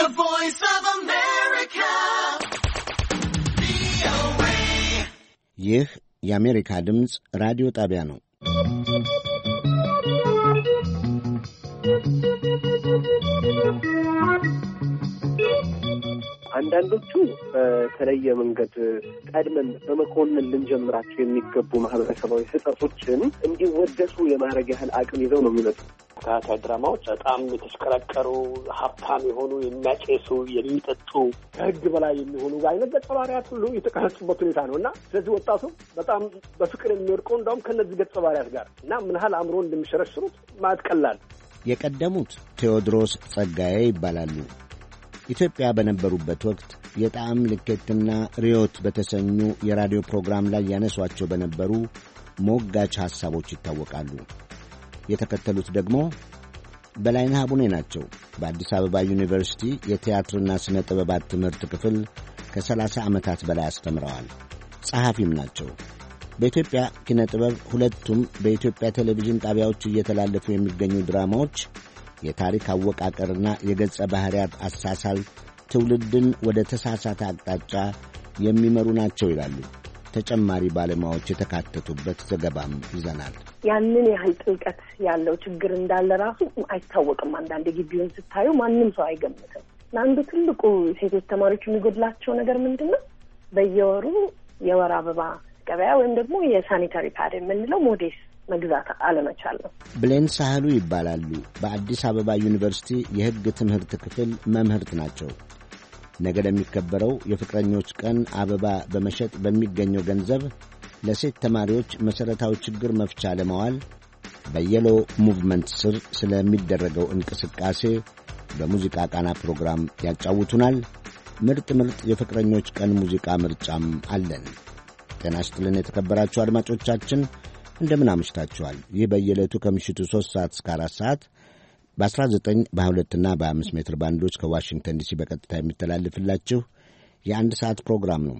The Voice of America. ይህ የአሜሪካ ድምፅ ራዲዮ ጣቢያ ነው። አንዳንዶቹ በተለየ መንገድ ቀድመን በመኮንን ልንጀምራቸው የሚገቡ ማህበረሰባዊ ስጠቶችን እንዲወደሱ የማድረግ ያህል አቅም ይዘው ነው የሚመጡት። ተከታታይ ድራማዎች በጣም የተሽቀረቀሩ ሀብታም የሆኑ የሚያጨሱ፣ የሚጠጡ ከህግ በላይ የሚሆኑ አይነት ገጸ ባህሪያት ሁሉ የተቀረጹበት ሁኔታ ነው እና ስለዚህ ወጣቱ በጣም በፍቅር የሚወድቀው እንደውም ከእነዚህ ገጸ ባህሪያት ጋር እና ምን ያህል አእምሮ እንደሚሸረሽሩት ማየት ቀላል። የቀደሙት ቴዎድሮስ ጸጋዬ ይባላሉ። ኢትዮጵያ በነበሩበት ወቅት የጣዕም ልኬትና ርዮት በተሰኙ የራዲዮ ፕሮግራም ላይ ያነሷቸው በነበሩ ሞጋች ሐሳቦች ይታወቃሉ። የተከተሉት ደግሞ በላይነህ አቡኔ ናቸው። በአዲስ አበባ ዩኒቨርሲቲ የቲያትርና ሥነ ጥበባት ትምህርት ክፍል ከ30 ዓመታት በላይ አስተምረዋል። ጸሐፊም ናቸው። በኢትዮጵያ ኪነ ጥበብ ሁለቱም በኢትዮጵያ ቴሌቪዥን ጣቢያዎች እየተላለፉ የሚገኙ ድራማዎች የታሪክ አወቃቀርና የገጸ ባሕርያት አሳሳል ትውልድን ወደ ተሳሳተ አቅጣጫ የሚመሩ ናቸው ይላሉ። ተጨማሪ ባለሙያዎች የተካተቱበት ዘገባም ይዘናል። ያንን ያህል ጥልቀት ያለው ችግር እንዳለ ራሱ አይታወቅም። አንዳንድ ግቢውን ስታዩ ማንም ሰው አይገምትም። አንዱ ትልቁ ሴቶች ተማሪዎች የሚጎድላቸው ነገር ምንድን ነው? በየወሩ የወር አበባ ገበያ ወይም ደግሞ የሳኒታሪ ፓድ የምንለው ሞዴስ መግዛት አለመቻል ነው። ብሌን ሳህሉ ይባላሉ። በአዲስ አበባ ዩኒቨርሲቲ የሕግ ትምህርት ክፍል መምህርት ናቸው። ነገ ለሚከበረው የፍቅረኞች ቀን አበባ በመሸጥ በሚገኘው ገንዘብ ለሴት ተማሪዎች መሠረታዊ ችግር መፍቻ ለመዋል በየሎ ሙቭመንት ስር ስለሚደረገው እንቅስቃሴ በሙዚቃ ቃና ፕሮግራም ያጫውቱናል። ምርጥ ምርጥ የፍቅረኞች ቀን ሙዚቃ ምርጫም አለን። ጤና ይስጥልን የተከበራችሁ አድማጮቻችን እንደምን አምሽታችኋል። ይህ በየዕለቱ ከምሽቱ 3 ሰዓት እስከ 4 ሰዓት በ19 በ2ና በ5 ሜትር ባንዶች ከዋሽንግተን ዲሲ በቀጥታ የሚተላልፍላችሁ የአንድ ሰዓት ፕሮግራም ነው።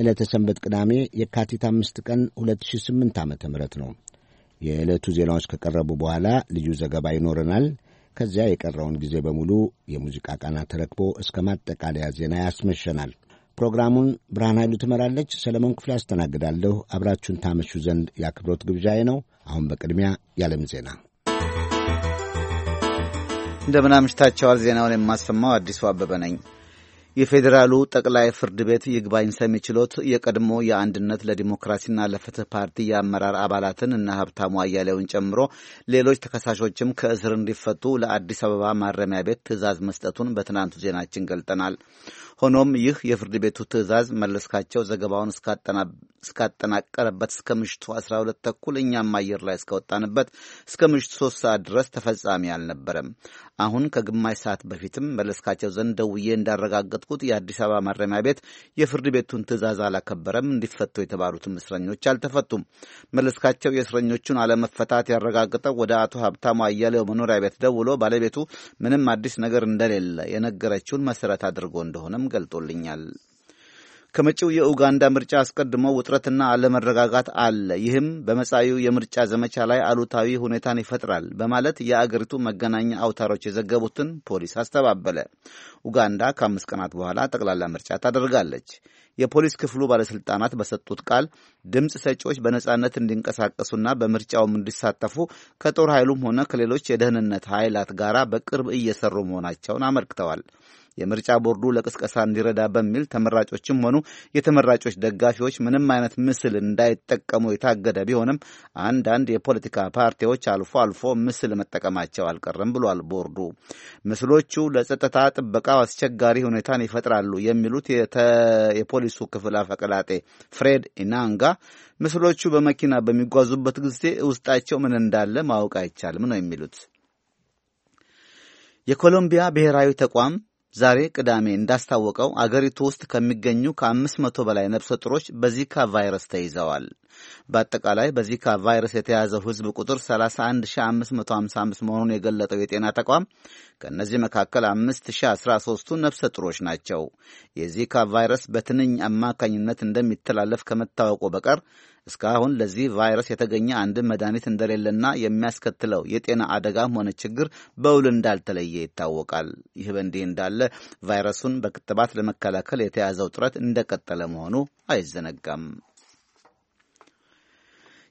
ዕለተ ሰንበት ቅዳሜ የካቲት አምስት ቀን 2008 ዓ ም ነው። የዕለቱ ዜናዎች ከቀረቡ በኋላ ልዩ ዘገባ ይኖረናል። ከዚያ የቀረውን ጊዜ በሙሉ የሙዚቃ ቃና ተረክቦ እስከ ማጠቃለያ ዜና ያስመሸናል። ፕሮግራሙን ብርሃን ኃይሉ ትመራለች። ሰለሞን ክፍሌ አስተናግዳለሁ። አብራችሁን ታመሹ ዘንድ የአክብሮት ግብዣዬ ነው። አሁን በቅድሚያ ያለም ዜና እንደምን አምሽታቸዋል። ዜናውን የማሰማው አዲሱ አበበ ነኝ። የፌዴራሉ ጠቅላይ ፍርድ ቤት ይግባኝ ሰሚ ችሎት የቀድሞ የአንድነት ለዲሞክራሲና ለፍትህ ፓርቲ የአመራር አባላትን እና ሀብታሙ አያሌውን ጨምሮ ሌሎች ተከሳሾችም ከእስር እንዲፈቱ ለአዲስ አበባ ማረሚያ ቤት ትዕዛዝ መስጠቱን በትናንቱ ዜናችን ገልጠናል። ሆኖም ይህ የፍርድ ቤቱ ትዕዛዝ መለስካቸው ዘገባውን እስካጠናቀረበት እስከ ምሽቱ 12 ተኩል እኛም አየር ላይ እስከወጣንበት እስከ ምሽቱ 3 ሰዓት ድረስ ተፈጻሚ አልነበረም። አሁን ከግማሽ ሰዓት በፊትም መለስካቸው ዘንድ ደውዬ እንዳረጋገጥኩት የአዲስ አበባ ማረሚያ ቤት የፍርድ ቤቱን ትዕዛዝ አላከበረም። እንዲፈቱ የተባሉትም እስረኞች አልተፈቱም። መለስካቸው የእስረኞቹን አለመፈታት ያረጋግጠው ወደ አቶ ሀብታሙ አያሌው መኖሪያ ቤት ደውሎ ባለቤቱ ምንም አዲስ ነገር እንደሌለ የነገረችውን መሰረት አድርጎ እንደሆነም መሆኑን ገልጦልኛል። ከመጪው የኡጋንዳ ምርጫ አስቀድሞ ውጥረትና አለመረጋጋት አለ፣ ይህም በመጻዩ የምርጫ ዘመቻ ላይ አሉታዊ ሁኔታን ይፈጥራል በማለት የአገሪቱ መገናኛ አውታሮች የዘገቡትን ፖሊስ አስተባበለ። ኡጋንዳ ከአምስት ቀናት በኋላ ጠቅላላ ምርጫ ታደርጋለች። የፖሊስ ክፍሉ ባለሥልጣናት በሰጡት ቃል ድምፅ ሰጪዎች በነጻነት እንዲንቀሳቀሱና በምርጫውም እንዲሳተፉ ከጦር ኃይሉም ሆነ ከሌሎች የደህንነት ኃይላት ጋር በቅርብ እየሰሩ መሆናቸውን አመልክተዋል። የምርጫ ቦርዱ ለቅስቀሳ እንዲረዳ በሚል ተመራጮችም ሆኑ የተመራጮች ደጋፊዎች ምንም አይነት ምስል እንዳይጠቀሙ የታገደ ቢሆንም አንዳንድ የፖለቲካ ፓርቲዎች አልፎ አልፎ ምስል መጠቀማቸው አልቀረም ብሏል ቦርዱ። ምስሎቹ ለጸጥታ ጥበቃው አስቸጋሪ ሁኔታን ይፈጥራሉ የሚሉት የፖሊሱ ክፍል አፈቀላጤ ፍሬድ ኢናንጋ ምስሎቹ በመኪና በሚጓዙበት ጊዜ ውስጣቸው ምን እንዳለ ማወቅ አይቻልም ነው የሚሉት። የኮሎምቢያ ብሔራዊ ተቋም ዛሬ ቅዳሜ እንዳስታወቀው አገሪቱ ውስጥ ከሚገኙ ከአምስት መቶ በላይ ነፍሰ ጡሮች በዚካ ቫይረስ ተይዘዋል። በአጠቃላይ በዚካ ቫይረስ የተያዘው ሕዝብ ቁጥር 31555 መሆኑን የገለጠው የጤና ተቋም ከእነዚህ መካከል 5013ቱ ነፍሰ ጡሮች ናቸው። የዚካ ቫይረስ በትንኝ አማካኝነት እንደሚተላለፍ ከመታወቁ በቀር እስካሁን ለዚህ ቫይረስ የተገኘ አንድም መድኃኒት እንደሌለና የሚያስከትለው የጤና አደጋም ሆነ ችግር በውል እንዳልተለየ ይታወቃል። ይህ በእንዲህ እንዳለ ቫይረሱን በክትባት ለመከላከል የተያዘው ጥረት እንደቀጠለ መሆኑ አይዘነጋም።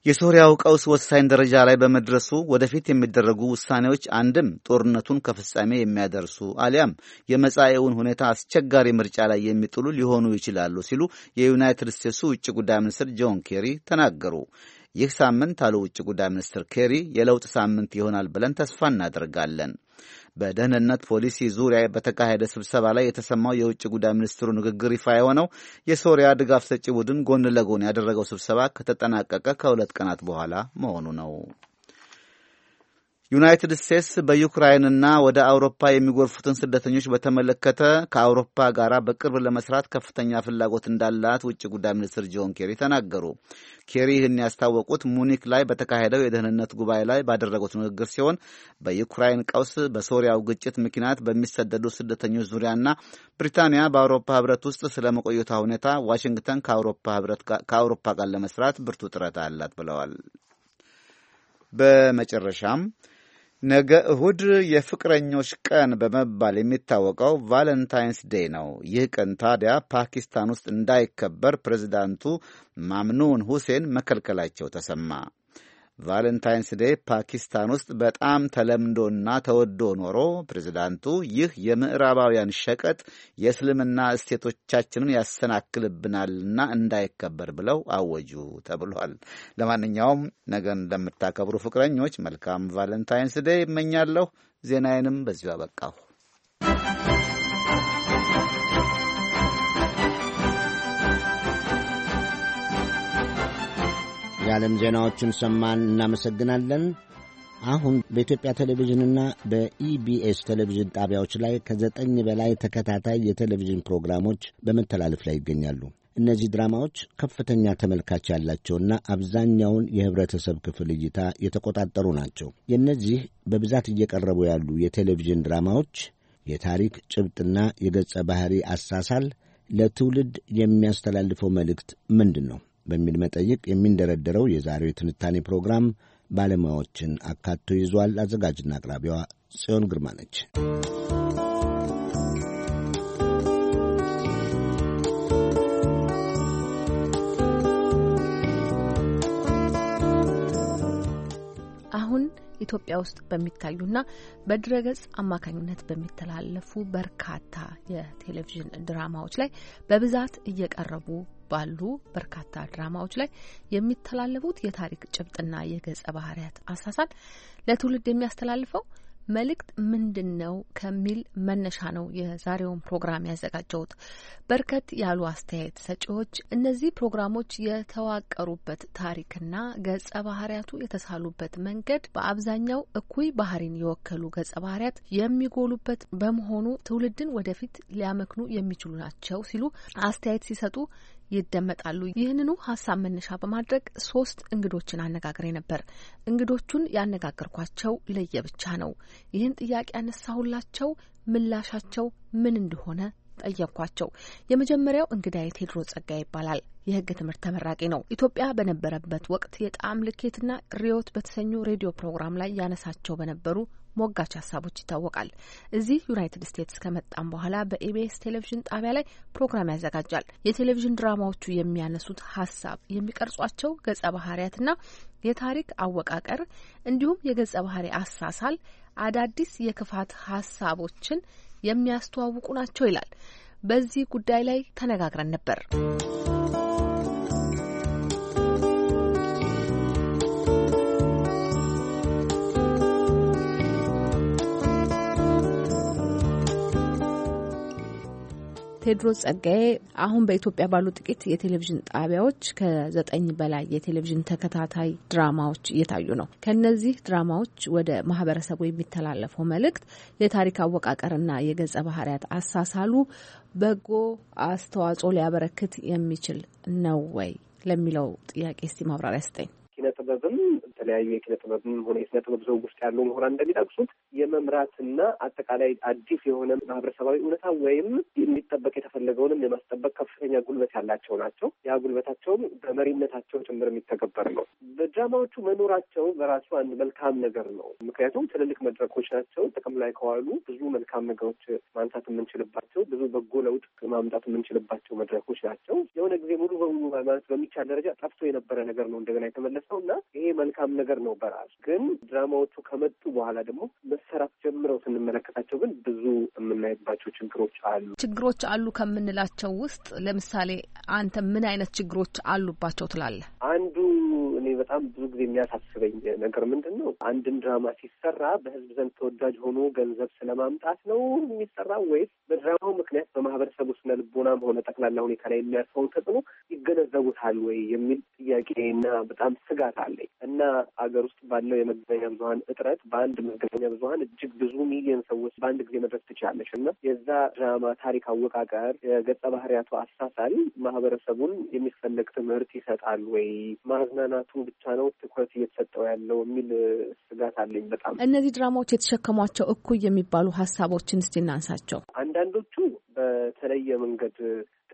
የሶሪያው ቀውስ ወሳኝ ደረጃ ላይ በመድረሱ ወደፊት የሚደረጉ ውሳኔዎች አንድም ጦርነቱን ከፍጻሜ የሚያደርሱ አሊያም የመጻኤውን ሁኔታ አስቸጋሪ ምርጫ ላይ የሚጥሉ ሊሆኑ ይችላሉ ሲሉ የዩናይትድ ስቴትሱ ውጭ ጉዳይ ሚኒስትር ጆን ኬሪ ተናገሩ። ይህ ሳምንት አሉ ውጭ ጉዳይ ሚኒስትር ኬሪ የለውጥ ሳምንት ይሆናል ብለን ተስፋ እናደርጋለን። በደህንነት ፖሊሲ ዙሪያ በተካሄደ ስብሰባ ላይ የተሰማው የውጭ ጉዳይ ሚኒስትሩ ንግግር ይፋ የሆነው የሶሪያ ድጋፍ ሰጪ ቡድን ጎን ለጎን ያደረገው ስብሰባ ከተጠናቀቀ ከሁለት ቀናት በኋላ መሆኑ ነው። ዩናይትድ ስቴትስ በዩክራይንና ወደ አውሮፓ የሚጎርፉትን ስደተኞች በተመለከተ ከአውሮፓ ጋር በቅርብ ለመስራት ከፍተኛ ፍላጎት እንዳላት ውጭ ጉዳይ ሚኒስትር ጆን ኬሪ ተናገሩ። ኬሪ ይህን ያስታወቁት ሙኒክ ላይ በተካሄደው የደህንነት ጉባኤ ላይ ባደረጉት ንግግር ሲሆን በዩክራይን ቀውስ፣ በሶሪያው ግጭት ምክንያት በሚሰደዱ ስደተኞች ዙሪያና ብሪታንያ በአውሮፓ ህብረት ውስጥ ስለ መቆየቷ ሁኔታ ዋሽንግተን ከአውሮፓ ጋር ለመስራት ብርቱ ጥረት አላት ብለዋል። በመጨረሻም ነገ እሁድ የፍቅረኞች ቀን በመባል የሚታወቀው ቫለንታይንስ ዴይ ነው። ይህ ቀን ታዲያ ፓኪስታን ውስጥ እንዳይከበር ፕሬዚዳንቱ ማምኑን ሁሴን መከልከላቸው ተሰማ። ቫለንታይንስ ዴ ፓኪስታን ውስጥ በጣም ተለምዶና ተወዶ ኖሮ ፕሬዚዳንቱ ይህ የምዕራባውያን ሸቀጥ የእስልምና እሴቶቻችንን ያሰናክልብናልና እንዳይከበር ብለው አወጁ ተብሏል። ለማንኛውም ነገን ለምታከብሩ ፍቅረኞች መልካም ቫለንታይንስ ዴ ይመኛለሁ። ዜናዬንም በዚሁ አበቃሁ። የዓለም ዜናዎቹን ሰማን፣ እናመሰግናለን። አሁን በኢትዮጵያ ቴሌቪዥንና በኢቢኤስ ቴሌቪዥን ጣቢያዎች ላይ ከዘጠኝ በላይ ተከታታይ የቴሌቪዥን ፕሮግራሞች በመተላለፍ ላይ ይገኛሉ። እነዚህ ድራማዎች ከፍተኛ ተመልካች ያላቸውና አብዛኛውን የህብረተሰብ ክፍል እይታ የተቆጣጠሩ ናቸው። የእነዚህ በብዛት እየቀረቡ ያሉ የቴሌቪዥን ድራማዎች የታሪክ ጭብጥና የገጸ ባህሪ አሳሳል ለትውልድ የሚያስተላልፈው መልእክት ምንድን ነው? በሚል መጠይቅ የሚንደረደረው የዛሬው የትንታኔ ፕሮግራም ባለሙያዎችን አካቶ ይዟል። አዘጋጅና አቅራቢዋ ጽዮን ግርማ ነች። አሁን ኢትዮጵያ ውስጥ በሚታዩና በድረገጽ አማካኝነት በሚተላለፉ በርካታ የቴሌቪዥን ድራማዎች ላይ በብዛት እየቀረቡ ባሉ በርካታ ድራማዎች ላይ የሚተላለፉት የታሪክ ጭብጥና የገጸ ባህርያት አሳሳል ለትውልድ የሚያስተላልፈው መልእክት ምንድን ነው ከሚል መነሻ ነው የዛሬውን ፕሮግራም ያዘጋጀሁት። በርከት ያሉ አስተያየት ሰጪዎች እነዚህ ፕሮግራሞች የተዋቀሩበት ታሪክና ገጸ ባህርያቱ የተሳሉበት መንገድ በአብዛኛው እኩይ ባህሪን የወከሉ ገጸ ባህርያት የሚጎሉበት በመሆኑ ትውልድን ወደፊት ሊያመክኑ የሚችሉ ናቸው ሲሉ አስተያየት ሲሰጡ ይደመጣሉ። ይህንኑ ሀሳብ መነሻ በማድረግ ሶስት እንግዶችን አነጋግሬ ነበር። እንግዶቹን ያነጋገርኳቸው ለየብቻ ነው። ይህን ጥያቄ ያነሳሁላቸው ምላሻቸው ምን እንደሆነ ጠየኳቸው። የመጀመሪያው እንግዳ የቴድሮ ጸጋ ይባላል። የህግ ትምህርት ተመራቂ ነው። ኢትዮጵያ በነበረበት ወቅት የጣዕም ልኬትና ሪዮት በተሰኙ ሬዲዮ ፕሮግራም ላይ ያነሳቸው በነበሩ ሞጋች ሀሳቦች ይታወቃል። እዚህ ዩናይትድ ስቴትስ ከመጣም በኋላ በኢቢኤስ ቴሌቪዥን ጣቢያ ላይ ፕሮግራም ያዘጋጃል። የቴሌቪዥን ድራማዎቹ የሚያነሱት ሀሳብ፣ የሚቀርጿቸው ገጸ ባህሪያትና የታሪክ አወቃቀር እንዲሁም የገጸ ባህሪ አሳሳል አዳዲስ የክፋት ሀሳቦችን የሚያስተዋውቁ ናቸው ይላል። በዚህ ጉዳይ ላይ ተነጋግረን ነበር። ቴድሮስ ጸጋዬ አሁን በኢትዮጵያ ባሉ ጥቂት የቴሌቪዥን ጣቢያዎች ከዘጠኝ በላይ የቴሌቪዥን ተከታታይ ድራማዎች እየታዩ ነው። ከነዚህ ድራማዎች ወደ ማህበረሰቡ የሚተላለፈው መልእክት የታሪክ አወቃቀርና የገጸ ባህሪያት አሳሳሉ በጎ አስተዋጽኦ ሊያበረክት የሚችል ነው ወይ ለሚለው ጥያቄ እስቲ ማብራሪያ ስጠኝ። ኪነ ጥበብም የተለያዩ የኪነ ጥበብም ሆነ የስነ ጥበብ ዘውግ ውስጥ ያለው ምሁራን እንደሚጠቅሱት የመምራትና አጠቃላይ አዲስ የሆነ ማህበረሰባዊ እውነታ ወይም እንዲጠበቅ የተፈለገውንም የማስጠበቅ ከፍተኛ ጉልበት ያላቸው ናቸው። ያ ጉልበታቸውም በመሪነታቸው ጭምር የሚተገበር ነው። በድራማዎቹ መኖራቸው በራሱ አንድ መልካም ነገር ነው። ምክንያቱም ትልልቅ መድረኮች ናቸው። ጥቅም ላይ ከዋሉ ብዙ መልካም ነገሮች ማንሳት የምንችልባቸው፣ ብዙ በጎ ለውጥ ማምጣት የምንችልባቸው መድረኮች ናቸው። የሆነ ጊዜ ሙሉ በሙሉ ማለት በሚቻል ደረጃ ጠፍቶ የነበረ ነገር ነው እንደገና የተመለሰው እና ይሄ መልካም ነገር ነው በራስ ግን ድራማዎቹ ከመጡ በኋላ ደግሞ መሰራት ጀምረው ስንመለከታቸው ግን ብዙ የምናይባቸው ችግሮች አሉ። ችግሮች አሉ ከምንላቸው ውስጥ ለምሳሌ አንተ ምን አይነት ችግሮች አሉባቸው ትላለህ? አንዱ በጣም ብዙ ጊዜ የሚያሳስበኝ ነገር ምንድን ነው፣ አንድን ድራማ ሲሰራ በህዝብ ዘንድ ተወዳጅ ሆኖ ገንዘብ ስለማምጣት ነው የሚሰራው ወይስ በድራማው ምክንያት በማህበረሰቡ ስነ ልቦናም ሆነ ጠቅላላ ሁኔታ ላይ የሚያርፈውን ተጽዕኖ ይገነዘቡታል ወይ የሚል ጥያቄ እና በጣም ስጋት አለኝ እና አገር ውስጥ ባለው የመገናኛ ብዙሀን እጥረት በአንድ መገናኛ ብዙሀን እጅግ ብዙ ሚሊዮን ሰዎች በአንድ ጊዜ መድረስ ትችላለች እና የዛ ድራማ ታሪክ አወቃቀር፣ የገጸ ባህሪያቱ አሳሳል ማህበረሰቡን የሚፈለግ ትምህርት ይሰጣል ወይ ማዝናናቱ ብቻ ነው ትኩረት እየተሰጠው ያለው የሚል ስጋት አለኝ። በጣም እነዚህ ድራማዎች የተሸከሟቸው እኩይ የሚባሉ ሀሳቦችን እስቲ እናንሳቸው። አንዳንዶቹ በተለየ መንገድ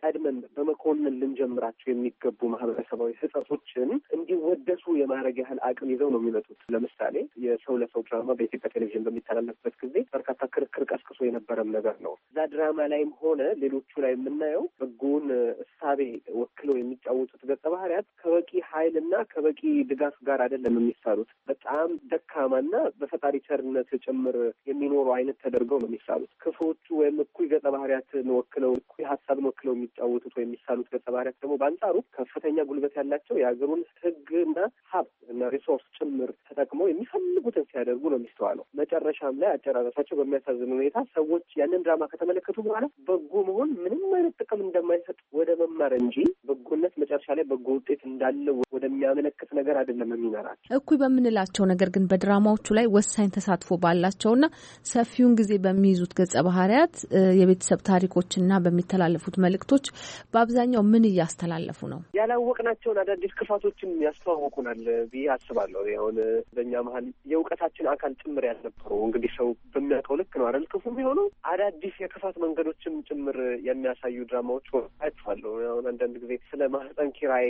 ቀድመን በመኮንን ልንጀምራቸው የሚገቡ ማህበረሰባዊ ህጸቶችን እንዲወደሱ የማድረግ ያህል አቅም ይዘው ነው የሚመጡት። ለምሳሌ የሰው ለሰው ድራማ በኢትዮጵያ ቴሌቪዥን በሚተላለፍበት ጊዜ በርካታ ክርክር ቀስቅሶ የነበረም ነገር ነው። እዛ ድራማ ላይም ሆነ ሌሎቹ ላይ የምናየው በጎን እሳቤ ወክለው የሚጫወቱት ገጸ ባህሪያት ከበቂ ኃይል እና ከበቂ ድጋፍ ጋር አይደለም የሚሳሉት። በጣም ደካማና በፈጣሪ ቸርነት ጭምር የሚኖሩ አይነት ተደርገው ነው የሚሳሉት። ክፉዎቹ ወይም እኩይ ገጸ ባህሪያትን ወክለው እኩይ ሀሳብን ወክለው የሚጫወቱት ወይም የሚሳሉት ገጸ ባህሪያት ደግሞ በአንጻሩ ከፍተኛ ጉልበት ያላቸው የሀገሩን ህግና ሀብ እና ሪሶርስ ጭምር ተጠቅመው የሚፈልጉትን ሲያደርጉ ነው የሚስተዋለው። መጨረሻም ላይ አጨራረሳቸው በሚያሳዝን ሁኔታ ሰዎች ያንን ድራማ ከተመለከቱ በኋላ በጎ መሆን ምንም አይነት ጥቅም እንደማይሰጥ ወደ መማር እንጂ በጎነት መጨረሻ ላይ በጎ ውጤት እንዳለ ወደሚያመለክት ነገር አይደለም የሚመራቸው። እኩይ በምንላቸው ነገር ግን በድራማዎቹ ላይ ወሳኝ ተሳትፎ ባላቸውና ሰፊውን ጊዜ በሚይዙት ገጸ ባህሪያት የቤተሰብ ታሪኮችና በሚተላለፉት መልእክቶች ድርጅቶች በአብዛኛው ምን እያስተላለፉ ነው? ያላወቅናቸውን አዳዲስ ክፋቶችን ያስተዋወቁናል ብዬ አስባለሁ። አሁን በእኛ መሀል የእውቀታችን አካል ጭምር ያልነበሩ እንግዲህ ሰው በሚያውቀው ልክ ነው አይደል ክፉ የሚሆነው አዳዲስ የክፋት መንገዶችም ጭምር የሚያሳዩ ድራማዎች አይቼዋለሁ። አሁን አንዳንድ ጊዜ ስለ ማህፀን ኪራይ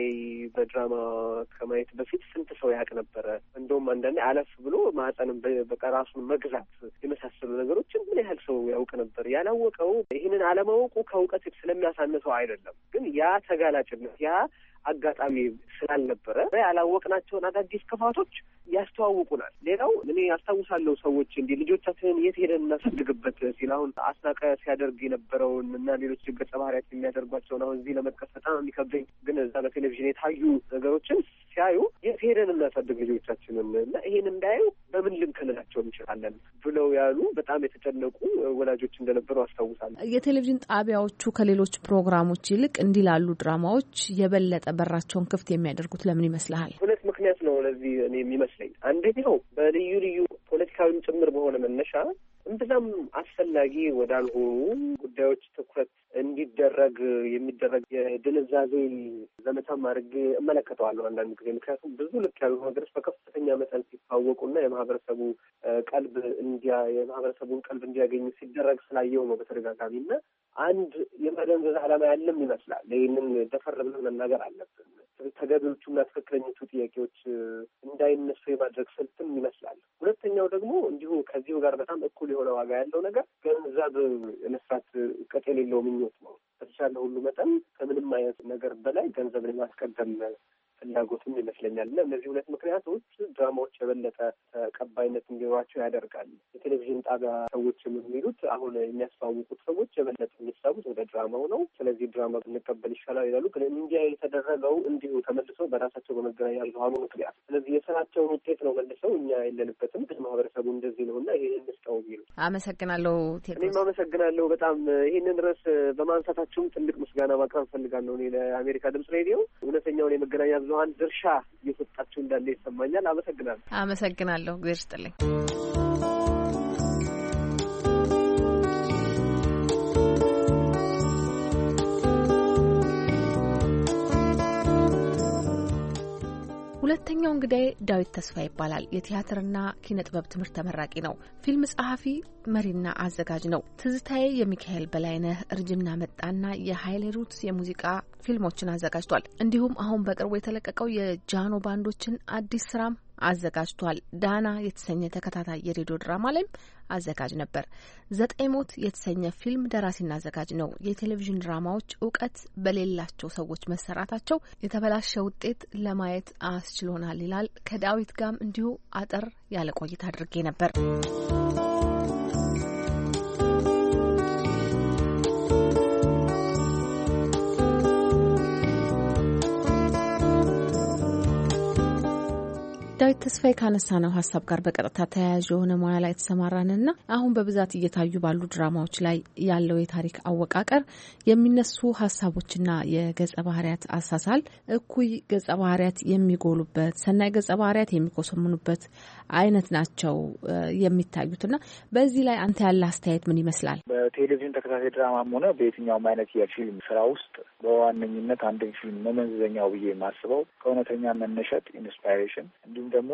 በድራማ ከማየት በፊት ስንት ሰው ያውቅ ነበረ? እንደውም አንዳንዴ አለፍ ብሎ ማህፀንም በቃ ራሱን መግዛት የመሳሰሉ ነገሮችን ምን ያህል ሰው ያውቅ ነበር? ያላወቀው ይህንን አለማወቁ ከእውቀት ስለሚያሳ ሰው አይደለም። ግን ያ ተጋላጭነት ያ አጋጣሚ ስላልነበረ ያላወቅናቸውን አዳዲስ ክፋቶች ያስተዋውቁናል። ሌላው እኔ አስታውሳለሁ ሰዎች እንዲህ ልጆቻችንን የት ሄደን እናሳድግበት ሲል አሁን አስናቀ ሲያደርግ የነበረውን እና ሌሎች ገጸ ባህሪያት የሚያደርጓቸውን አሁን እዚህ ለመጥቀስ በጣም የሚከብደኝ ግን እዛ በቴሌቪዥን የታዩ ነገሮችን ሲያዩ የት ሄደን እናሳድግ ልጆቻችንን እና ይሄን እንዳያዩ በምን ልንከልላቸው እንችላለን ብለው ያሉ በጣም የተጨነቁ ወላጆች እንደነበሩ አስታውሳለሁ። የቴሌቪዥን ጣቢያዎቹ ከሌሎች ፕሮግራሞች ይልቅ እንዲህ ላሉ ድራማዎች የበለጠ በራቸውን ክፍት የሚያደርጉት ለምን ይመስልሃል? ሁለት ምክንያት ነው ለዚህ እኔ የሚመስለኝ። አንደኛው በልዩ ልዩ ፖለቲካዊም ጭምር በሆነ መነሻ እምብዛም አስፈላጊ ወዳልሆኑ ጉዳዮች ትኩረት እንዲደረግ የሚደረግ የድንዛዜ ዘመቻም አድርጌ እመለከተዋለሁ አንዳንድ ጊዜ። ምክንያቱም ብዙ ልክ ያሉ ነገሮች በከፍተኛ መጠን ሲታወቁና የማህበረሰቡ ቀልብ እንዲያ የማህበረሰቡን ቀልብ እንዲያገኙ ሲደረግ ስላየው ነው በተደጋጋሚ እና አንድ የመደንዘዝ ዓላማ ያለም ይመስላል። ይህንን ደፈር ብለን መናገር አለብን። ተገቢዎቹና ትክክለኞቹ ጥያቄዎች እንዳይነሱ የማድረግ ስልትም ይመስላል። ሁለተኛው ደግሞ እንዲሁ ከዚሁ ጋር በጣም እኩል የሆነ ዋጋ ያለው ነገር ገንዘብ የመስራት ቅጥ የሌለው ምኞት ነው። በተቻለ ሁሉ መጠን ከምንም አይነት ነገር በላይ ገንዘብን የማስቀደም ፍላጎትም ይመስለኛል እና እነዚህ ሁለት ምክንያቶች ድራማዎች የበለጠ ተቀባይነት እንዲኖራቸው ያደርጋል። የቴሌቪዥን ጣቢያ ሰዎችም የሚሉት አሁን የሚያስተዋውቁት ሰዎች የበለጠ የሚሳቡት ወደ ድራማው ነው። ስለዚህ ድራማ ብንቀበል ይሻላል ይላሉ። ግን እንዲያ የተደረገው እንዲሁ ተመልሶ በራሳቸው በመገናኛ ብዙኃኑ ምክንያት ስለዚህ የስራቸውን ውጤት ነው መልሰው እኛ የለንበትም፣ ግን ማህበረሰቡ እንደዚህ ነው እና ይሄን እንስጠው የሚሉ አመሰግናለሁ። እኔም አመሰግናለሁ በጣም ይህንን ርዕስ በማንሳታችሁም ትልቅ ምስጋና ማቅረብ ፈልጋለሁ። እኔ ለአሜሪካ ድምጽ ሬዲዮ እውነተኛውን የመገናኛ ብዙሀን ድርሻ እየሰጣችሁ እንዳለ ይሰማኛል። አመሰግናለሁ። አመሰግናለሁ። እግዜር ይስጥልኝ። ሁለተኛው እንግዳይ ዳዊት ተስፋ ይባላል። የቲያትርና ኪነ ጥበብ ትምህርት ተመራቂ ነው። ፊልም ጸሐፊ፣ መሪና አዘጋጅ ነው። ትዝታዬ የሚካኤል በላይነህ እርጅና መጣና የሀይሌ ሩትስ የሙዚቃ ፊልሞችን አዘጋጅቷል። እንዲሁም አሁን በቅርቡ የተለቀቀው የጃኖ ባንዶችን አዲስ ስራም አዘጋጅቷል። ዳና የተሰኘ ተከታታይ የሬዲዮ ድራማ ላይም አዘጋጅ ነበር። ዘጠኝ ሞት የተሰኘ ፊልም ደራሲና አዘጋጅ ነው። የቴሌቪዥን ድራማዎች እውቀት በሌላቸው ሰዎች መሰራታቸው የተበላሸ ውጤት ለማየት አስችሎናል ይላል። ከዳዊት ጋም እንዲሁ አጠር ያለ ቆይታ አድርጌ ነበር። ዳዊት ተስፋዬ ካነሳነው ሀሳብ ጋር በቀጥታ ተያያዥ የሆነ ሙያ ላይ የተሰማራንና አሁን በብዛት እየታዩ ባሉ ድራማዎች ላይ ያለው የታሪክ አወቃቀር የሚነሱ ሀሳቦችና የገጸ ባህርያት አሳሳል እኩይ ገጸ ባህርያት የሚጎሉበት፣ ሰናይ ገጸ ባህርያት የሚኮሰምኑበት፣ አይነት ናቸው የሚታዩት በዚህ ላይ አንተ ያለ አስተያየት ምን ይመስላል? በቴሌቪዥን ተከታታይ ድራማም ሆነ በየትኛውም አይነት የፊልም ስራ ውስጥ በዋነኝነት አንድን ፊልም መመዘኛው ብዬ የማስበው ከእውነተኛ መነሸጥ ኢንስፓይሬሽን፣ እንዲሁም ደግሞ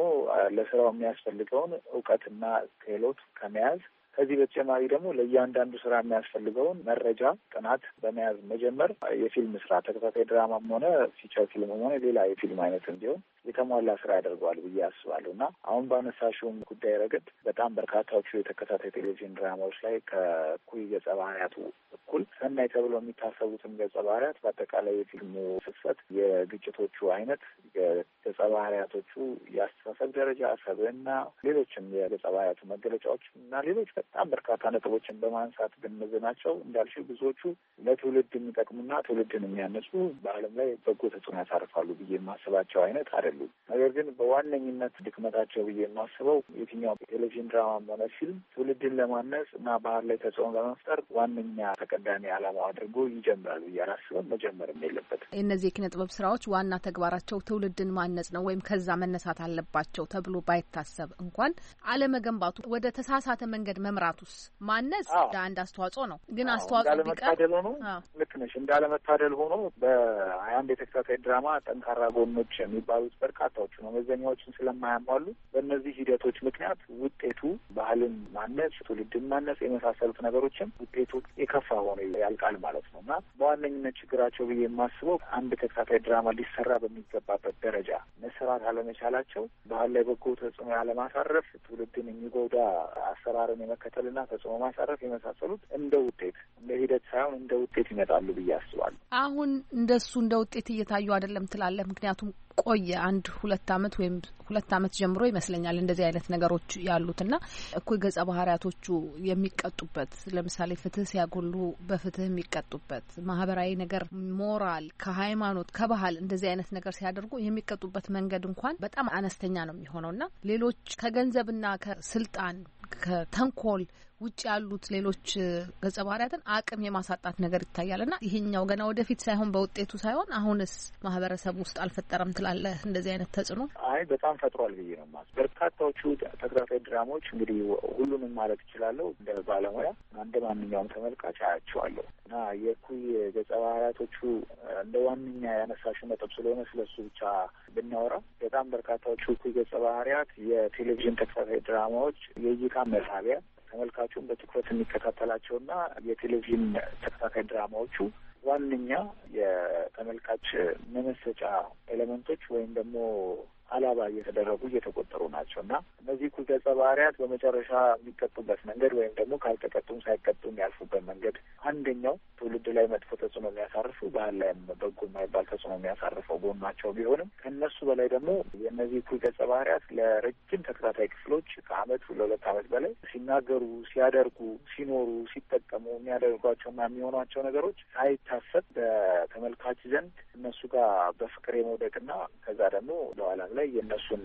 ለስራው የሚያስፈልገውን እውቀትና ክህሎት ከመያዝ ከዚህ በተጨማሪ ደግሞ ለእያንዳንዱ ስራ የሚያስፈልገውን መረጃ ጥናት በመያዝ መጀመር የፊልም ስራ ተከታታይ ድራማም ሆነ ፊቸር ፊልም ሆነ ሌላ የፊልም አይነት እንዲሆን የተሟላ ስራ ያደርገዋል ብዬ አስባለሁ እና አሁን ባነሳሽውም ጉዳይ ረገድ በጣም በርካታዎቹ የተከታታይ ቴሌቪዥን ድራማዎች ላይ ከእኩይ ገጸ ባህርያቱ እኩል ሰናይ ተብሎ የሚታሰቡትም ገጸ ባህርያት በአጠቃላይ የፊልሙ ፍሰት፣ የግጭቶቹ አይነት፣ የገጸ ባህርያቶቹ የአስተሳሰብ ደረጃ ሰብዕና፣ ሌሎችም የገጸ ባህርያቱ መገለጫዎች እና ሌሎች በጣም በርካታ ነጥቦችን በማንሳት ናቸው። እንዳልሽው ብዙዎቹ ለትውልድ የሚጠቅሙና ትውልድን የሚያነጹ በዓለም ላይ በጎ ተጽዕኖ ያሳርፋሉ ብዬ የማስባቸው አይነት አደ ያሉት። ነገር ግን በዋነኝነት ድክመታቸው ብዬ የማስበው የትኛው ቴሌቪዥን ድራማም ሆነ ፊልም ትውልድን ለማነጽ እና ባህል ላይ ተጽዕኖ ለመፍጠር ዋነኛ ተቀዳሚ ዓላማ አድርጎ ይጀምራል ብዬ አላስብም። መጀመርም የለበት። እነዚህ የኪነ ጥበብ ስራዎች ዋና ተግባራቸው ትውልድን ማነጽ ነው ወይም ከዛ መነሳት አለባቸው ተብሎ ባይታሰብ እንኳን አለመገንባቱ ወደ ተሳሳተ መንገድ መምራቱስ ማነጽ አንድ አስተዋጽኦ ነው። ግን አስተዋጽኦ እንዳለመታደል ሆኖ ልክ ነሽ። እንዳለመታደል ሆኖ በሀያ የተከታታይ ድራማ ጠንካራ ጎኖች የሚባሉት በርካታዎቹ መመዘኛዎችን ስለማያሟሉ በእነዚህ ሂደቶች ምክንያት ውጤቱ ባህልን ማነጽ፣ ትውልድን ማነጽ የመሳሰሉት ነገሮችም ውጤቱ የከፋ ሆኖ ያልቃል ማለት ነው እና በዋነኝነት ችግራቸው ብዬ የማስበው አንድ ተከታታይ ድራማ ሊሰራ በሚገባበት ደረጃ መሰራት አለመቻላቸው፣ ባህል ላይ በጎ ተጽዕኖ ያለማሳረፍ፣ ትውልድን የሚጎዳ አሰራርን የመከተልና ተጽዕኖ ማሳረፍ የመሳሰሉት እንደ ውጤት እንደ ሂደት ሳይሆን እንደ ውጤት ይመጣሉ ብዬ አስባለሁ። አሁን እንደሱ እንደ ውጤት እየታዩ አይደለም ትላለህ ምክንያቱም ቆየ አንድ ሁለት አመት ወይም ሁለት አመት ጀምሮ ይመስለኛል እንደዚህ አይነት ነገሮች ያሉትና እኩይ ገጸ ባህሪያቶቹ የሚቀጡበት ለምሳሌ ፍትህ ሲያጎሉ በፍትህ የሚቀጡበት ማህበራዊ ነገር፣ ሞራል፣ ከሃይማኖት ከባህል እንደዚህ አይነት ነገር ሲያደርጉ የሚቀጡበት መንገድ እንኳን በጣም አነስተኛ ነው የሚሆነው እና ሌሎች ከገንዘብና ከስልጣን ከተንኮል ውጭ ያሉት ሌሎች ገጸ ባህሪያትን አቅም የማሳጣት ነገር ይታያል ና ይሄኛው ገና ወደፊት ሳይሆን በውጤቱ ሳይሆን አሁንስ ማህበረሰብ ውስጥ አልፈጠረም ትላለህ? እንደዚህ አይነት ተጽዕኖ? አይ በጣም ፈጥሯል ብዬ ነው ማለት። በርካታዎቹ ተከታታይ ድራማዎች እንግዲህ ሁሉንም ማለት እችላለሁ እንደ ባለሙያ እንደ ማንኛውም ተመልካች አያቸዋለሁ እና የእኩይ ገጸ ባህሪያቶቹ እንደ ዋነኛ ያነሳሽ ነጥብ ስለሆነ ስለሱ ብቻ ብናወራ በጣም በርካታዎቹ እኩይ ገጸ ባህሪያት የቴሌቪዥን ተከታታይ ድራማዎች የእይታ መልካም መሳቢያ ተመልካቹን በትኩረት የሚከታተላቸውና የቴሌቪዥን ተከታታይ ድራማዎቹ ዋነኛ የተመልካች መመሰጫ ኤሌመንቶች ወይም ደግሞ አላባ እየተደረጉ እየተቆጠሩ ናቸው እና እነዚህ ኩልገጸ ባህሪያት በመጨረሻ የሚቀጡበት መንገድ ወይም ደግሞ ካልተቀጡም ሳይቀጡ የሚያልፉበት መንገድ አንደኛው ትውልድ ላይ መጥፎ ተጽዕኖ የሚያሳርፉ ባህል ላይ በጎ የማይባል ተጽዕኖ የሚያሳርፈው ጎናቸው ቢሆንም ከእነሱ በላይ ደግሞ የእነዚህ ኩልገጸ ባህሪያት ለረጅም ተከታታይ ክፍሎች ከአመት ለሁለት አመት በላይ ሲናገሩ፣ ሲያደርጉ፣ ሲኖሩ፣ ሲጠቀሙ የሚያደርጓቸውና የሚሆኗቸው ነገሮች ሳይታሰብ በተመልካች ዘንድ እነሱ ጋር በፍቅር የመውደቅና ከዛ ደግሞ በኋላም ላይ የእነሱን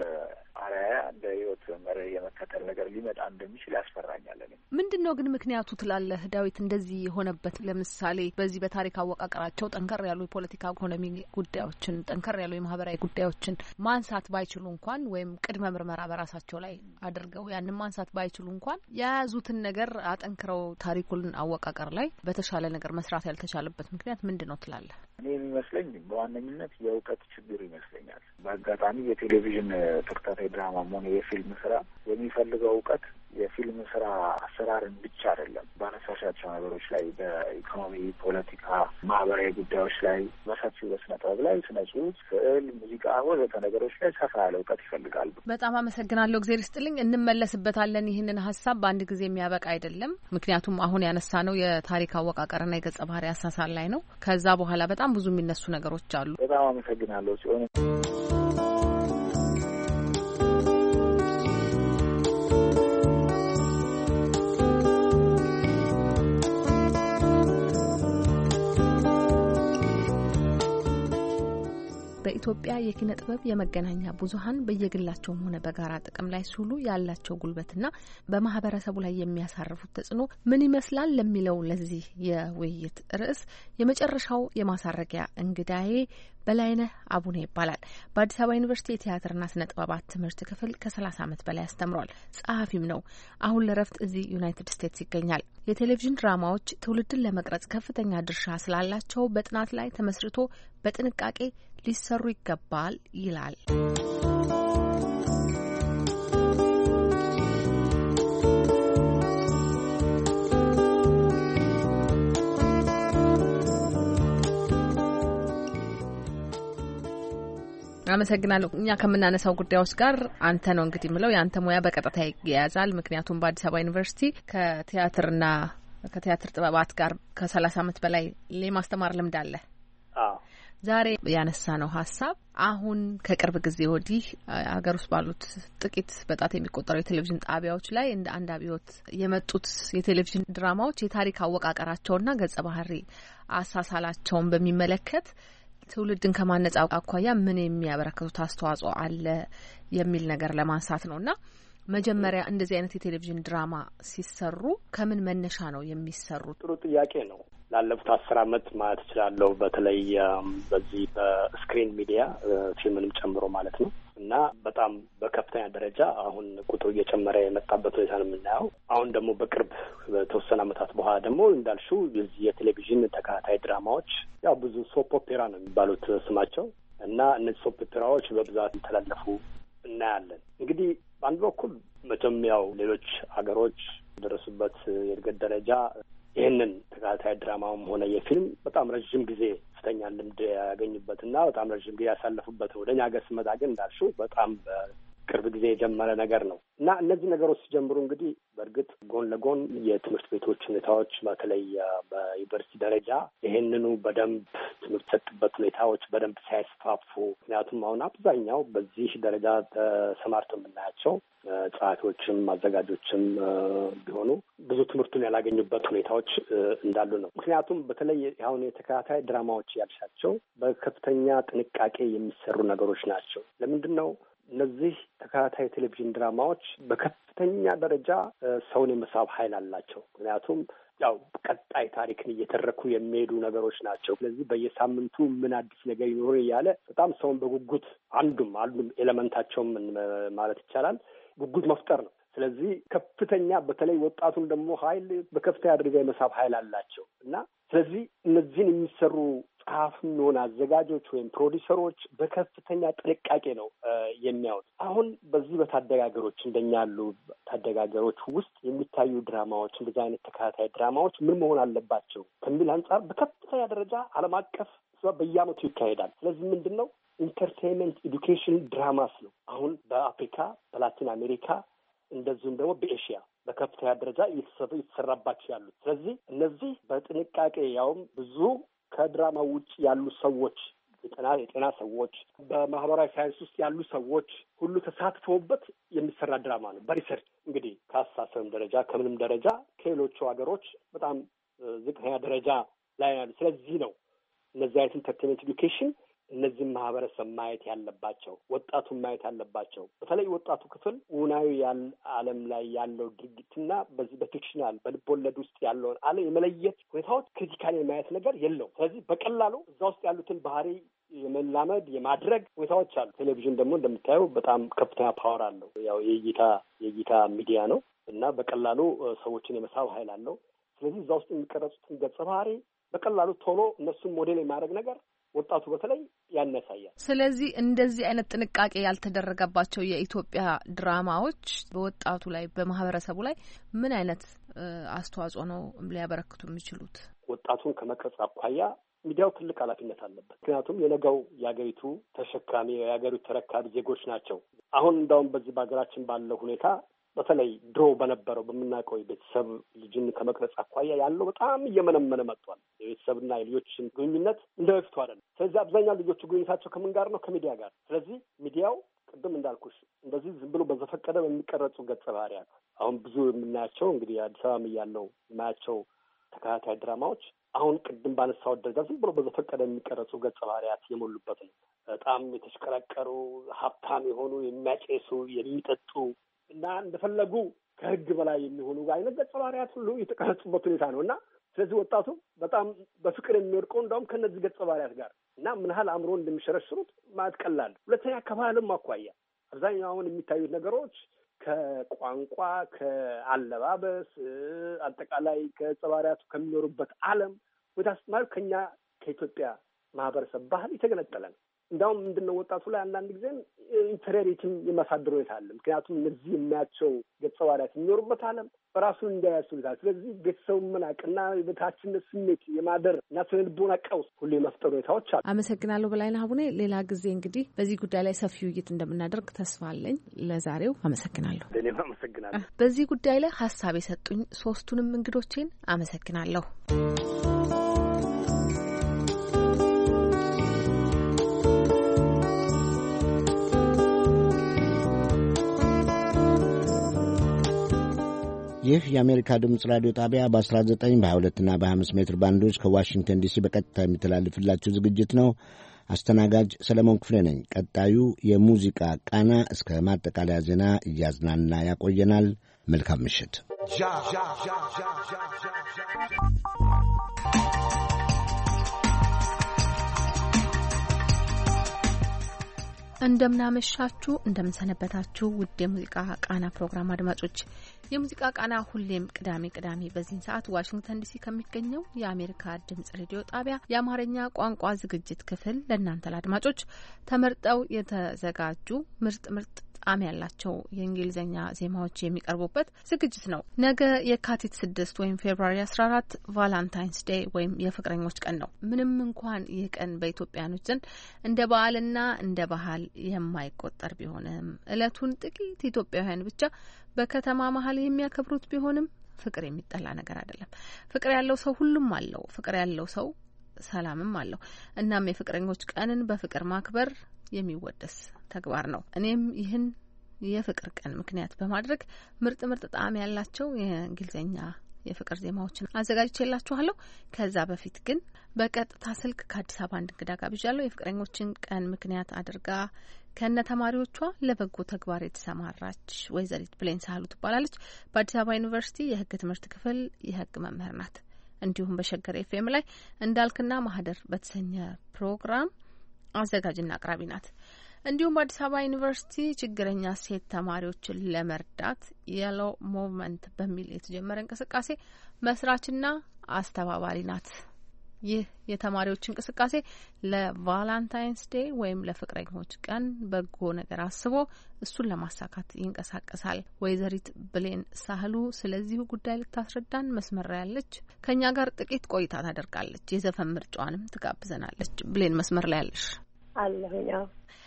አርአያ ህይወት መር የመከተል ነገር ሊመጣ እንደሚችል ያስፈራኛል። ምንድን ነው ግን ምክንያቱ ትላለህ ዳዊት? እንደዚህ የሆነበት ለምሳሌ በዚህ በታሪክ አወቃቀራቸው ጠንከር ያሉ የፖለቲካ ኢኮኖሚ ጉዳዮችን ጠንከር ያሉ የማህበራዊ ጉዳዮችን ማንሳት ባይችሉ እንኳን ወይም ቅድመ ምርመራ በራሳቸው ላይ አድርገው ያንን ማንሳት ባይችሉ እንኳን የያዙትን ነገር አጠንክረው ታሪኩን አወቃቀር ላይ በተሻለ ነገር መስራት ያልተቻለበት ምክንያት ምንድን ነው ትላለህ? እኔ የሚመስለኝ በዋነኝነት የእውቀት ችግር ይመስለኛል። በአጋጣሚ የቴሌቪዥን ተከታታይ ድራማ ሆነ የፊልም ስራ የሚፈልገው እውቀት የፊልም ስራ አሰራርን ብቻ አይደለም ባነሳሻቸው ነገሮች ላይ በኢኮኖሚ፣ ፖለቲካ፣ ማህበራዊ ጉዳዮች ላይ በሰፊው በስነ ጥበብ ላይ ስነ ጽሁፍ፣ ስዕል፣ ሙዚቃ ወዘተ ነገሮች ላይ ሰፋ ያለ እውቀት ይፈልጋሉ። በጣም አመሰግናለሁ። እግዜር ይስጥልኝ። እንመለስበታለን። ይህንን ሀሳብ በአንድ ጊዜ የሚያበቃ አይደለም። ምክንያቱም አሁን ያነሳ ነው የታሪክ አወቃቀርና የገጸ ባህሪ አሳሳል ላይ ነው። ከዛ በኋላ በጣም ብዙ የሚነሱ ነገሮች አሉ። በጣም አመሰግናለሁ ሲሆን በኢትዮጵያ የኪነ ጥበብ የመገናኛ ብዙኃን በየግላቸውም ሆነ በጋራ ጥቅም ላይ ሲውሉ ያላቸው ጉልበትና በማህበረሰቡ ላይ የሚያሳርፉት ተጽዕኖ ምን ይመስላል ለሚለው ለዚህ የውይይት ርዕስ የመጨረሻው የማሳረጊያ እንግዳዬ በላይነህ አቡነ ይባላል። በአዲስ አበባ ዩኒቨርሲቲ የቲያትርና ስነ ጥበባት ትምህርት ክፍል ከ30 ዓመት በላይ አስተምሯል። ጸሐፊም ነው። አሁን ለረፍት እዚህ ዩናይትድ ስቴትስ ይገኛል። የቴሌቪዥን ድራማዎች ትውልድን ለመቅረጽ ከፍተኛ ድርሻ ስላላቸው በጥናት ላይ ተመስርቶ በጥንቃቄ ሊሰሩ ይገባል ይላል። አመሰግናለሁ። እኛ ከምናነሳው ጉዳዮች ጋር አንተ ነው እንግዲህ የምለው የአንተ ሙያ በቀጥታ ይያያዛል። ምክንያቱም በአዲስ አበባ ዩኒቨርሲቲ ከቲያትርና ከቲያትር ጥበባት ጋር ከሰላሳ አመት በላይ የማስተማር ልምድ አለ። ዛሬ ያነሳ ነው ሀሳብ አሁን ከቅርብ ጊዜ ወዲህ ሀገር ውስጥ ባሉት ጥቂት በጣት የሚቆጠሩ የቴሌቪዥን ጣቢያዎች ላይ እንደ አንድ አብዮት የመጡት የቴሌቪዥን ድራማዎች የታሪክ አወቃቀራቸውና ገጸ ባህሪ አሳሳላቸውን በሚመለከት ትውልድን ከማነጻ አኳያ ምን የሚያበረክቱት አስተዋጽኦ አለ የሚል ነገር ለማንሳት ነው እና መጀመሪያ እንደዚህ አይነት የቴሌቪዥን ድራማ ሲሰሩ ከምን መነሻ ነው የሚሰሩት? ጥሩ ጥያቄ ነው። ላለፉት አስር አመት ማለት እችላለሁ በተለይ በዚህ በስክሪን ሚዲያ ፊልምንም ጨምሮ ማለት ነው እና በጣም በከፍተኛ ደረጃ አሁን ቁጥሩ እየጨመረ የመጣበት ሁኔታ ነው የምናየው። አሁን ደግሞ በቅርብ በተወሰነ አመታት በኋላ ደግሞ እንዳልሹ የዚህ የቴሌቪዥን ተከታታይ ድራማዎች ያው ብዙ ሶፕ ኦፔራ ነው የሚባሉት ስማቸው እና እነዚህ ሶፕ ኦፔራዎች በብዛት የተላለፉ እናያለን። እንግዲህ በአንድ በኩል መቼም ያው ሌሎች ሀገሮች የደረሱበት የእድገት ደረጃ ይህንን ተከታታይ ድራማውም ሆነ የፊልም በጣም ረዥም ጊዜ ከፍተኛ ልምድ ያገኙበትና በጣም ረዥም ጊዜ ያሳለፉበት ወደ እኛ ሀገር ስመጣ ግን እንዳልሽው በጣም በቅርብ ጊዜ የጀመረ ነገር ነው እና እነዚህ ነገሮች ሲጀምሩ እንግዲህ በእርግጥ ጎን ለጎን የትምህርት ቤቶች ሁኔታዎች በተለይ ደረጃ ይህንኑ በደንብ ትምህርት ሰጥበት ሁኔታዎች በደንብ ሳይስፋፉ፣ ምክንያቱም አሁን አብዛኛው በዚህ ደረጃ ተሰማርተው የምናያቸው ጸሐፊዎችም አዘጋጆችም ቢሆኑ ብዙ ትምህርቱን ያላገኙበት ሁኔታዎች እንዳሉ ነው። ምክንያቱም በተለይ አሁን የተከታታይ ድራማዎች ያልሻቸው በከፍተኛ ጥንቃቄ የሚሰሩ ነገሮች ናቸው። ለምንድን ነው እነዚህ ተከታታይ ቴሌቪዥን ድራማዎች በከፍተኛ ደረጃ ሰውን የመሳብ ኃይል አላቸው። ምክንያቱም ያው ቀጣይ ታሪክን እየተረኩ የሚሄዱ ነገሮች ናቸው። ስለዚህ በየሳምንቱ ምን አዲስ ነገር ይኖር እያለ በጣም ሰውን በጉጉት አንዱም አንዱም ኤለመንታቸውም ማለት ይቻላል ጉጉት መፍጠር ነው። ስለዚህ ከፍተኛ በተለይ ወጣቱን ደግሞ ኃይል በከፍተኛ አድርጋ የመሳብ ኃይል አላቸው እና ስለዚህ እነዚህን የሚሰሩ ጸሐፊውን አዘጋጆች ወይም ፕሮዲሰሮች በከፍተኛ ጥንቃቄ ነው የሚያዩት። አሁን በዚህ በታደጋገሮች እንደኛ ያሉ ታደጋገሮች ውስጥ የሚታዩ ድራማዎች እንደዚህ አይነት ተከታታይ ድራማዎች ምን መሆን አለባቸው ከሚል አንጻር በከፍተኛ ደረጃ ዓለም አቀፍ በየዓመቱ ይካሄዳል። ስለዚህ ምንድን ነው ኢንተርቴንመንት ኤዱኬሽን ድራማስ ነው አሁን በአፍሪካ በላቲን አሜሪካ እንደዚሁም ደግሞ በኤሽያ በከፍተኛ ደረጃ እየተሰራባቸው ያሉት። ስለዚህ እነዚህ በጥንቃቄ ያውም ብዙ ከድራማ ውጭ ያሉ ሰዎች የጤና የጤና ሰዎች በማህበራዊ ሳይንስ ውስጥ ያሉ ሰዎች ሁሉ ተሳትፈውበት የሚሰራ ድራማ ነው። በሪሰርች እንግዲህ ከአስተሳሰብም ደረጃ ከምንም ደረጃ ከሌሎቹ ሀገሮች በጣም ዝቅተኛ ደረጃ ላይ ያሉ። ስለዚህ ነው እነዚህ አይነት ኢንተርቴንመንት ኤዱኬሽን እነዚህም ማህበረሰብ ማየት ያለባቸው ወጣቱን ማየት ያለባቸው በተለይ ወጣቱ ክፍል ውናዊ ዓለም ላይ ያለው ድርጊትና በዚህ በፊክሽናል በልቦለድ ውስጥ ያለውን አለ የመለየት ሁኔታዎች ክሪቲካል የማየት ነገር የለው። ስለዚህ በቀላሉ እዛ ውስጥ ያሉትን ባህሪ የመላመድ የማድረግ ሁኔታዎች አሉ። ቴሌቪዥን ደግሞ እንደምታየው በጣም ከፍተኛ ፓወር አለው። ያው የእይታ የእይታ ሚዲያ ነው እና በቀላሉ ሰዎችን የመሳብ ኃይል አለው። ስለዚህ እዛ ውስጥ የሚቀረጹትን ገጸ ባህሪ በቀላሉ ቶሎ እነሱን ሞዴል የማድረግ ነገር ወጣቱ በተለይ ያን ያሳያል። ስለዚህ እንደዚህ አይነት ጥንቃቄ ያልተደረገባቸው የኢትዮጵያ ድራማዎች በወጣቱ ላይ በማህበረሰቡ ላይ ምን አይነት አስተዋጽኦ ነው ሊያበረክቱ የሚችሉት? ወጣቱን ከመቅረጽ አኳያ ሚዲያው ትልቅ ኃላፊነት አለበት። ምክንያቱም የነገው የሀገሪቱ ተሸካሚ የሀገሪቱ ተረካቢ ዜጎች ናቸው። አሁን እንዳሁም በዚህ በሀገራችን ባለው ሁኔታ በተለይ ድሮ በነበረው በምናውቀው የቤተሰብ ልጅን ከመቅረጽ አኳያ ያለው በጣም እየመነመነ መጥቷል። የቤተሰብና የልጆችን ግንኙነት እንደ በፊቱ አይደለም። ስለዚህ አብዛኛው ልጆቹ ግንኙነታቸው ከምን ጋር ነው? ከሚዲያ ጋር። ስለዚህ ሚዲያው ቅድም እንዳልኩሽ እንደዚህ ዝም ብሎ በዘፈቀደ በሚቀረጹ ገጸ ባህሪያት አሁን ብዙ የምናያቸው እንግዲህ አዲስ አበባ ያለው የማያቸው ተከታታይ ድራማዎች አሁን ቅድም ባነሳው ደረጃ ዝም ብሎ በዘፈቀደ የሚቀረጹ ገጸ ባህሪያት የሞሉበት ነው። በጣም የተሽቀረቀሩ ሀብታም የሆኑ የሚያጨሱ፣ የሚጠጡ እና እንደፈለጉ ከህግ በላይ የሚሆኑ አይነት ገጸ ባህሪያት ሁሉ የተቀረጹበት ሁኔታ ነው እና ስለዚህ ወጣቱ በጣም በፍቅር የሚወድቀው እንዳውም ከእነዚህ ገጸ ባህሪያት ጋር እና ምን ያህል አእምሮ እንደሚሸረሽሩት ማለት ቀላል። ሁለተኛ ከባህልም አኳያ አብዛኛው አሁን የሚታዩት ነገሮች ከቋንቋ፣ ከአለባበስ፣ አጠቃላይ ከገጸ ባህሪያቱ ከሚኖሩበት ዓለም ወደ ማለት ከኛ ከኢትዮጵያ ማህበረሰብ ባህል የተገነጠለ ነው። እንዲሁም ምንድነው ወጣቱ ላይ አንዳንድ ጊዜም ኢንፌሪዮሪቲን የማሳደር ሁኔታ አለ። ምክንያቱም እነዚህ የሚያቸው ገጸ ባህሪያት የሚኖሩበት ዓለም በራሱን እንዲያያቸው ሁኔታ፣ ስለዚህ ቤተሰቡ መናቅና የበታችነት ስሜት የማደር እና ስነ ልቦና ቀውስ ሁሉ የመፍጠር ሁኔታዎች አሉ። አመሰግናለሁ። በላይነህ አቡኔ፣ ሌላ ጊዜ እንግዲህ በዚህ ጉዳይ ላይ ሰፊ ውይይት እንደምናደርግ ተስፋ አለኝ። ለዛሬው አመሰግናለሁ። እኔም አመሰግናለሁ። በዚህ ጉዳይ ላይ ሀሳብ የሰጡኝ ሶስቱንም እንግዶቼን አመሰግናለሁ። ይህ የአሜሪካ ድምፅ ራዲዮ ጣቢያ በ19 በ22ና በ25 ሜትር ባንዶች ከዋሽንግተን ዲሲ በቀጥታ የሚተላልፍላችሁ ዝግጅት ነው። አስተናጋጅ ሰለሞን ክፍሌ ነኝ። ቀጣዩ የሙዚቃ ቃና እስከ ማጠቃለያ ዜና እያዝናና ያቆየናል። መልካም ምሽት። እንደምናመሻችሁ፣ እንደምንሰነበታችሁ ውድ የሙዚቃ ቃና ፕሮግራም አድማጮች የሙዚቃ ቃና ሁሌም ቅዳሜ ቅዳሜ በዚህን ሰዓት ዋሽንግተን ዲሲ ከሚገኘው የአሜሪካ ድምጽ ሬዲዮ ጣቢያ የአማርኛ ቋንቋ ዝግጅት ክፍል ለእናንተ ለአድማጮች ተመርጠው የተዘጋጁ ምርጥ ምርጥ ጣዕም ያላቸው የእንግሊዝኛ ዜማዎች የሚቀርቡበት ዝግጅት ነው። ነገ የካቲት ስድስት ወይም ፌብርዋሪ አስራ አራት ቫላንታይንስ ዴይ ወይም የፍቅረኞች ቀን ነው። ምንም እንኳን ይህ ቀን በኢትዮጵያኖች ዘንድ እንደ በዓልና እንደ ባህል የማይቆጠር ቢሆንም እለቱን ጥቂት ኢትዮጵያውያን ብቻ በከተማ መሀል የሚያከብሩት ቢሆንም ፍቅር የሚጠላ ነገር አይደለም። ፍቅር ያለው ሰው ሁሉም አለው። ፍቅር ያለው ሰው ሰላምም አለው። እናም የፍቅረኞች ቀንን በፍቅር ማክበር የሚወደስ ተግባር ነው። እኔም ይህን የፍቅር ቀን ምክንያት በማድረግ ምርጥ ምርጥ ጣዕም ያላቸው የእንግሊዝኛ የፍቅር ዜማዎችን አዘጋጅቼላችኋለሁ። ከዛ በፊት ግን በቀጥታ ስልክ ከአዲስ አበባ አንድ እንግዳ ጋብዣለሁ። የፍቅረኞችን ቀን ምክንያት አድርጋ ከነ ተማሪዎቿ ለበጎ ተግባር የተሰማራች ወይዘሪት ብሌን ሳህሉ ትባላለች። በአዲስ አበባ ዩኒቨርሲቲ የህግ ትምህርት ክፍል የህግ መምህር ናት። እንዲሁም በሸገር ኤፍኤም ላይ እንዳልክና ማህደር በተሰኘ ፕሮግራም አዘጋጅና አቅራቢ ናት። እንዲሁም በአዲስ አበባ ዩኒቨርሲቲ ችግረኛ ሴት ተማሪዎችን ለመርዳት የሎ ሞቭመንት በሚል የተጀመረ እንቅስቃሴ መስራችና አስተባባሪ ናት። ይህ የተማሪዎች እንቅስቃሴ ለቫላንታይንስ ዴ ወይም ለፍቅረኞች ቀን በጎ ነገር አስቦ እሱን ለማሳካት ይንቀሳቀሳል። ወይዘሪት ብሌን ሳህሉ ስለዚሁ ጉዳይ ልታስረዳን መስመር ላይ ያለች ከእኛ ጋር ጥቂት ቆይታ ታደርጋለች። የዘፈን ምርጫዋንም ትጋብዘናለች። ብሌን መስመር ላይ ያለሽ አለሁኛው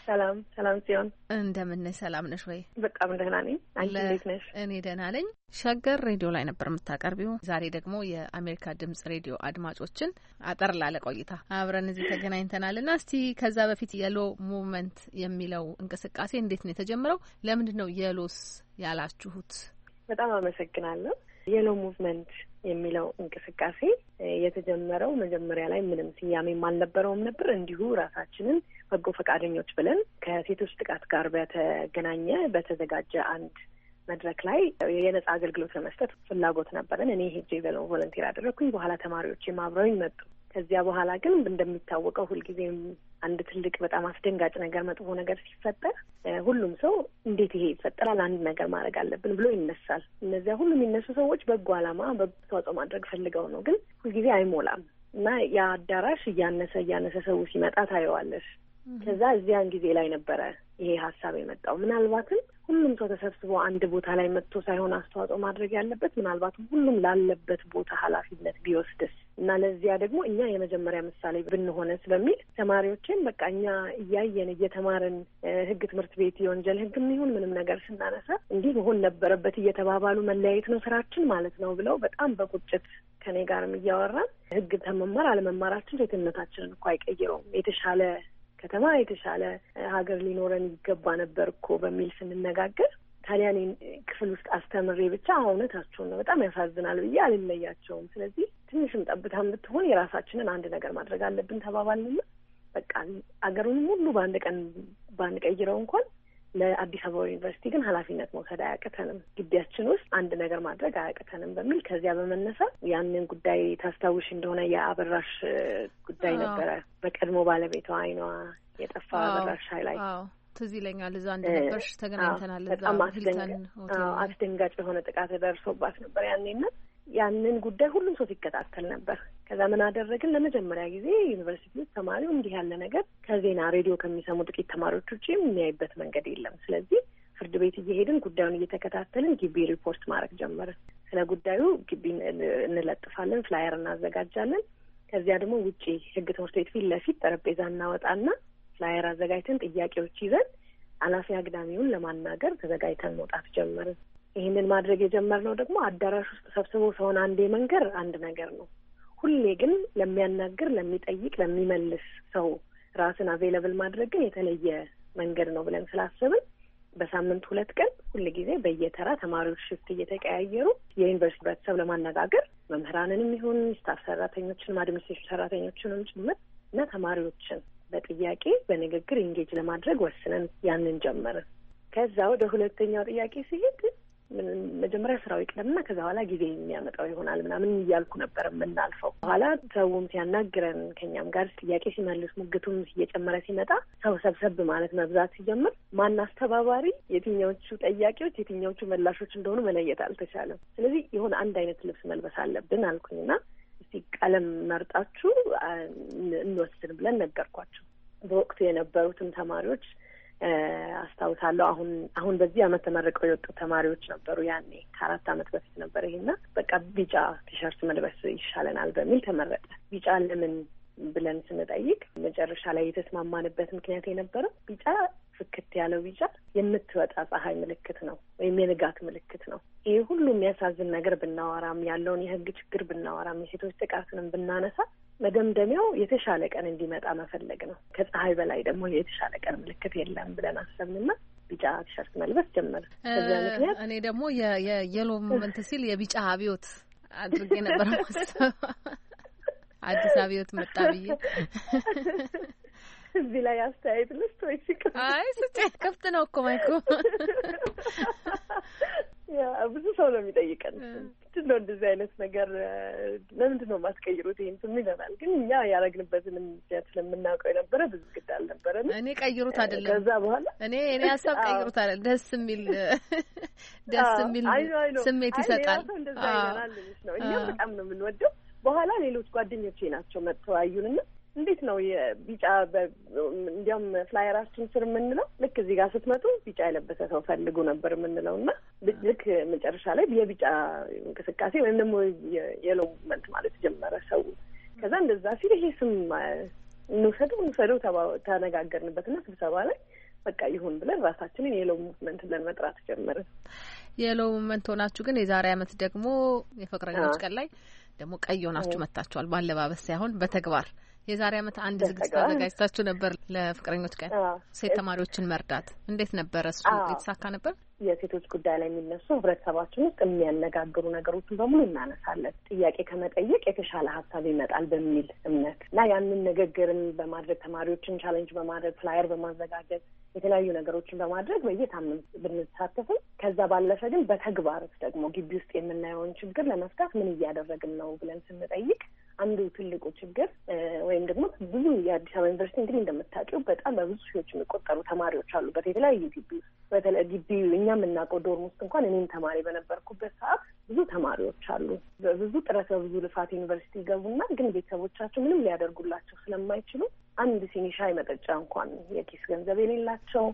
ሰላም ሰላም ሲሆን እንደምን ሰላም ነሽ ወይ? በጣም ደህና ነኝ። አንቺ እንዴት ነሽ? እኔ ደህና ነኝ። ሸገር ሬዲዮ ላይ ነበር የምታቀርቢው። ዛሬ ደግሞ የአሜሪካ ድምጽ ሬዲዮ አድማጮችን አጠር ላለ ቆይታ አብረን እዚህ ተገናኝተናል እና እስቲ ከዛ በፊት የሎ ሙቭመንት የሚለው እንቅስቃሴ እንዴት ነው የተጀመረው? ለምንድን ነው የሎስ ያላችሁት? በጣም አመሰግናለሁ። የሎ ሙቭመንት የሚለው እንቅስቃሴ የተጀመረው መጀመሪያ ላይ ምንም ስያሜም አልነበረውም ነበር። እንዲሁ ራሳችንን በጎ ፈቃደኞች ብለን ከሴቶች ጥቃት ጋር በተገናኘ በተዘጋጀ አንድ መድረክ ላይ የነጻ አገልግሎት ለመስጠት ፍላጎት ነበረን። እኔ ሄጄ ቮለንቲር አደረግኩኝ። በኋላ ተማሪዎች የማብረውኝ መጡ። ከዚያ በኋላ ግን እንደሚታወቀው ሁልጊዜም አንድ ትልቅ በጣም አስደንጋጭ ነገር መጥፎ ነገር ሲፈጠር ሁሉም ሰው እንዴት ይሄ ይፈጠራል አንድ ነገር ማድረግ አለብን ብሎ ይነሳል። እነዚያ ሁሉ የሚነሱ ሰዎች በጎ ዓላማ በጎ ማድረግ ፈልገው ነው፣ ግን ሁልጊዜ አይሞላም እና ያ አዳራሽ እያነሰ እያነሰ ሰው ሲመጣ ታየዋለሽ። ከዛ እዚያን ጊዜ ላይ ነበረ ይሄ ሀሳብ የመጣው ምናልባትም ሁሉም ሰው ተሰብስቦ አንድ ቦታ ላይ መጥቶ ሳይሆን አስተዋጽኦ ማድረግ ያለበት ምናልባትም ሁሉም ላለበት ቦታ ኃላፊነት ቢወስድስ እና ለዚያ ደግሞ እኛ የመጀመሪያ ምሳሌ ብንሆነስ በሚል ተማሪዎችን በቃ እኛ እያየን እየተማርን ሕግ ትምህርት ቤት የወንጀል ሕግ የሚሆን ምንም ነገር ስናነሳ እንዲህ መሆን ነበረበት እየተባባሉ መለያየት ነው ስራችን ማለት ነው ብለው በጣም በቁጭት ከኔ ጋርም እያወራን ሕግ ተመማር አለመማራችን ሴትነታችንን እኮ አይቀይረውም የተሻለ ከተማ የተሻለ ሀገር ሊኖረን ይገባ ነበር እኮ በሚል ስንነጋገር ታዲያ ክፍል ውስጥ አስተምሬ ብቻ እውነታቸውን ነው በጣም ያሳዝናል ብዬ አልለያቸውም። ስለዚህ ትንሽም ጠብታም ብትሆን የራሳችንን አንድ ነገር ማድረግ አለብን ተባባልና በቃ አገሩንም ሁሉ በአንድ ቀን ባንቀይረው እንኳን ለአዲስ አበባ ዩኒቨርሲቲ ግን ኃላፊነት መውሰድ አያቅተንም። ግቢያችን ውስጥ አንድ ነገር ማድረግ አያቅተንም በሚል ከዚያ በመነሳት ያንን ጉዳይ ታስታውሽ እንደሆነ የአበራሽ ጉዳይ ነበረ። በቀድሞ ባለቤቷ አይኗ የጠፋ አበራሽ ሀይላይ ትዝ ይለኛል። እዛ እንደነበርሽ ተገናኝተናል። በጣም አስደንጋጭ የሆነ ጥቃት ደርሶባት ነበር ያኔነት ያንን ጉዳይ ሁሉም ሰው ሲከታተል ነበር። ከዛ ምን አደረግን? ለመጀመሪያ ጊዜ ዩኒቨርሲቲ ውስጥ ተማሪው እንዲህ ያለ ነገር ከዜና ሬዲዮ ከሚሰሙ ጥቂት ተማሪዎች ውጭ የሚያይበት መንገድ የለም። ስለዚህ ፍርድ ቤት እየሄድን ጉዳዩን እየተከታተልን ግቢ ሪፖርት ማድረግ ጀመርን። ስለ ጉዳዩ ግቢ እንለጥፋለን፣ ፍላየር እናዘጋጃለን። ከዚያ ደግሞ ውጪ ህግ ትምህርት ቤት ፊት ለፊት ጠረጴዛ እናወጣና ፍላየር አዘጋጅተን ጥያቄዎች ይዘን አላፊ አግዳሚውን ለማናገር ተዘጋጅተን መውጣት ጀመርን። ይህንን ማድረግ የጀመርነው ደግሞ አዳራሽ ውስጥ ሰብስቦ ሰውን አንዴ መንገር አንድ ነገር ነው። ሁሌ ግን ለሚያናግር፣ ለሚጠይቅ፣ ለሚመልስ ሰው ራስን አቬይለብል ማድረግ ግን የተለየ መንገድ ነው ብለን ስላሰብን በሳምንት ሁለት ቀን ጊዜ በየተራ ተማሪዎች ሽፍት እየተቀያየሩ የዩኒቨርሲቲ ህብረተሰብ ለማነጋገር መምህራንንም ይሁን ስታፍ ሰራተኞችን አድሚኒስትሬሽን ሰራተኞችንም ጭምር እና ተማሪዎችን በጥያቄ በንግግር ኢንጌጅ ለማድረግ ወስነን ያንን ጀመርን። ከዛ ወደ ሁለተኛው ጥያቄ ሲሄድ መጀመሪያ ስራው ይቅደምና ከዛ በኋላ ጊዜ የሚያመጣው ይሆናል ምናምን እያልኩ ነበር የምናልፈው። በኋላ ሰውም ሲያናግረን ከኛም ጋር ጥያቄ ሲመልስ ሙግቱም እየጨመረ ሲመጣ ሰው ሰብሰብ ማለት መብዛት ሲጀምር ማን አስተባባሪ፣ የትኛዎቹ ጠያቂዎች፣ የትኛዎቹ መላሾች እንደሆኑ መለየት አልተቻለም። ስለዚህ የሆነ አንድ አይነት ልብስ መልበስ አለብን አልኩኝና እስቲ ቀለም መርጣችሁ እንወስን ብለን ነገርኳቸው። በወቅቱ የነበሩትም ተማሪዎች አስታውሳለሁ። አሁን አሁን በዚህ አመት ተመርቀው የወጡ ተማሪዎች ነበሩ። ያኔ ከአራት አመት በፊት ነበር ይሄና በቃ ቢጫ ቲሸርት መልበስ ይሻለናል በሚል ተመረጠ። ቢጫ ለምን ብለን ስንጠይቅ መጨረሻ ላይ የተስማማንበት ምክንያት የነበረው ቢጫ ፍክት ያለው ቢጫ የምትወጣ ፀሐይ ምልክት ነው ወይም የንጋት ምልክት ነው። ይሄ ሁሉ የሚያሳዝን ነገር ብናወራም ያለውን የህግ ችግር ብናወራም የሴቶች ጥቃትንም ብናነሳ መደምደሚያው የተሻለ ቀን እንዲመጣ መፈለግ ነው። ከፀሐይ በላይ ደግሞ የተሻለ ቀን ምልክት የለም ብለን አሰብንና ቢጫ ቲሸርት መልበስ ጀመር። ምክንያት እኔ ደግሞ የየሎ ሙመንት ሲል የቢጫ አብዮት አድርጌ ነበረ ማሰብ አዲስ አብዮት መጣ ብዬ እዚህ ላይ አስተያየት ልስጥ ወይ? አይ ስጭ፣ ክፍት ነው እኮ ማይኮ ብዙ ሰው ነው የሚጠይቀን። ምንድን ነው እንደዚህ አይነት ነገር ለምንድን ነው የማትቀይሩት? ይህን ስም ይለናል። ግን እኛ ያደረግንበትንም ምክንያት ስለምናውቀው የነበረ ብዙ ግድ አልነበረን። እኔ ቀይሩት አይደለም ከዛ በኋላ እኔ እኔ ሀሳብ ቀይሩት አለ ደስ የሚል ደስ የሚል ስሜት ይሰጣል። እንደዛ ይለናል ነው እኛም በጣም ነው የምንወደው። በኋላ ሌሎች ጓደኞቼ ናቸው መጥተው አዩንና እንዴት ነው ቢጫ እንዲያውም ፍላየራችን ስር የምንለው ልክ እዚህ ጋር ስትመጡ ቢጫ የለበሰ ሰው ፈልጉ ነበር የምንለው እና ልክ መጨረሻ ላይ የቢጫ እንቅስቃሴ ወይም ደግሞ የሎ ሙቭመንት ማለት ጀመረ ሰው። ከዛ እንደዛ ሲል ይሄ ስም እንውሰደው እንውሰደው ተነጋገርንበት እና ስብሰባ ላይ በቃ ይሁን ብለን ራሳችንን የለው ሙቭመንት ብለን መጥራት ጀመርን። የለው ሙቭመንት ሆናችሁ ግን የዛሬ አመት ደግሞ የፍቅረኞች ቀን ላይ ደግሞ ቀይ ሆናችሁ መጥታችኋል። ባለባበስ ሳይሆን በተግባር የዛሬ ዓመት አንድ ዝግጅት አዘጋጅታችሁ ነበር ለፍቅረኞች ቀን ሴት ተማሪዎችን መርዳት። እንዴት ነበረ እሱ? የተሳካ ነበር? የሴቶች ጉዳይ ላይ የሚነሱ ህብረተሰባችን ውስጥ የሚያነጋግሩ ነገሮችን በሙሉ እናነሳለን። ጥያቄ ከመጠየቅ የተሻለ ሀሳብ ይመጣል በሚል እምነት እና ያንን ንግግርን በማድረግ ተማሪዎችን ቻለንጅ በማድረግ ፍላየር በማዘጋጀት የተለያዩ ነገሮችን በማድረግ በየሳምንት ብንሳተፍም ከዛ ባለፈ ግን በተግባር ደግሞ ግቢ ውስጥ የምናየውን ችግር ለመፍታት ምን እያደረግን ነው ብለን ስንጠይቅ አንዱ ትልቁ ችግር ወይም ደግሞ ብዙ የአዲስ አበባ ዩኒቨርሲቲ እንግዲህ እንደምታውቂው በጣም በብዙ ሺዎች የሚቆጠሩ ተማሪዎች አሉበት። የተለያዩ ግቢ በተለይ ግቢ እኛ የምናውቀው ዶርም ውስጥ እንኳን እኔም ተማሪ በነበርኩበት ሰዓት ብዙ ተማሪዎች አሉ። በብዙ ጥረት በብዙ ልፋት ዩኒቨርሲቲ ይገቡና ግን ቤተሰቦቻቸው ምንም ሊያደርጉላቸው ስለማይችሉ አንድ ሲኒ ሻይ መጠጫ እንኳን የኪስ ገንዘብ የሌላቸው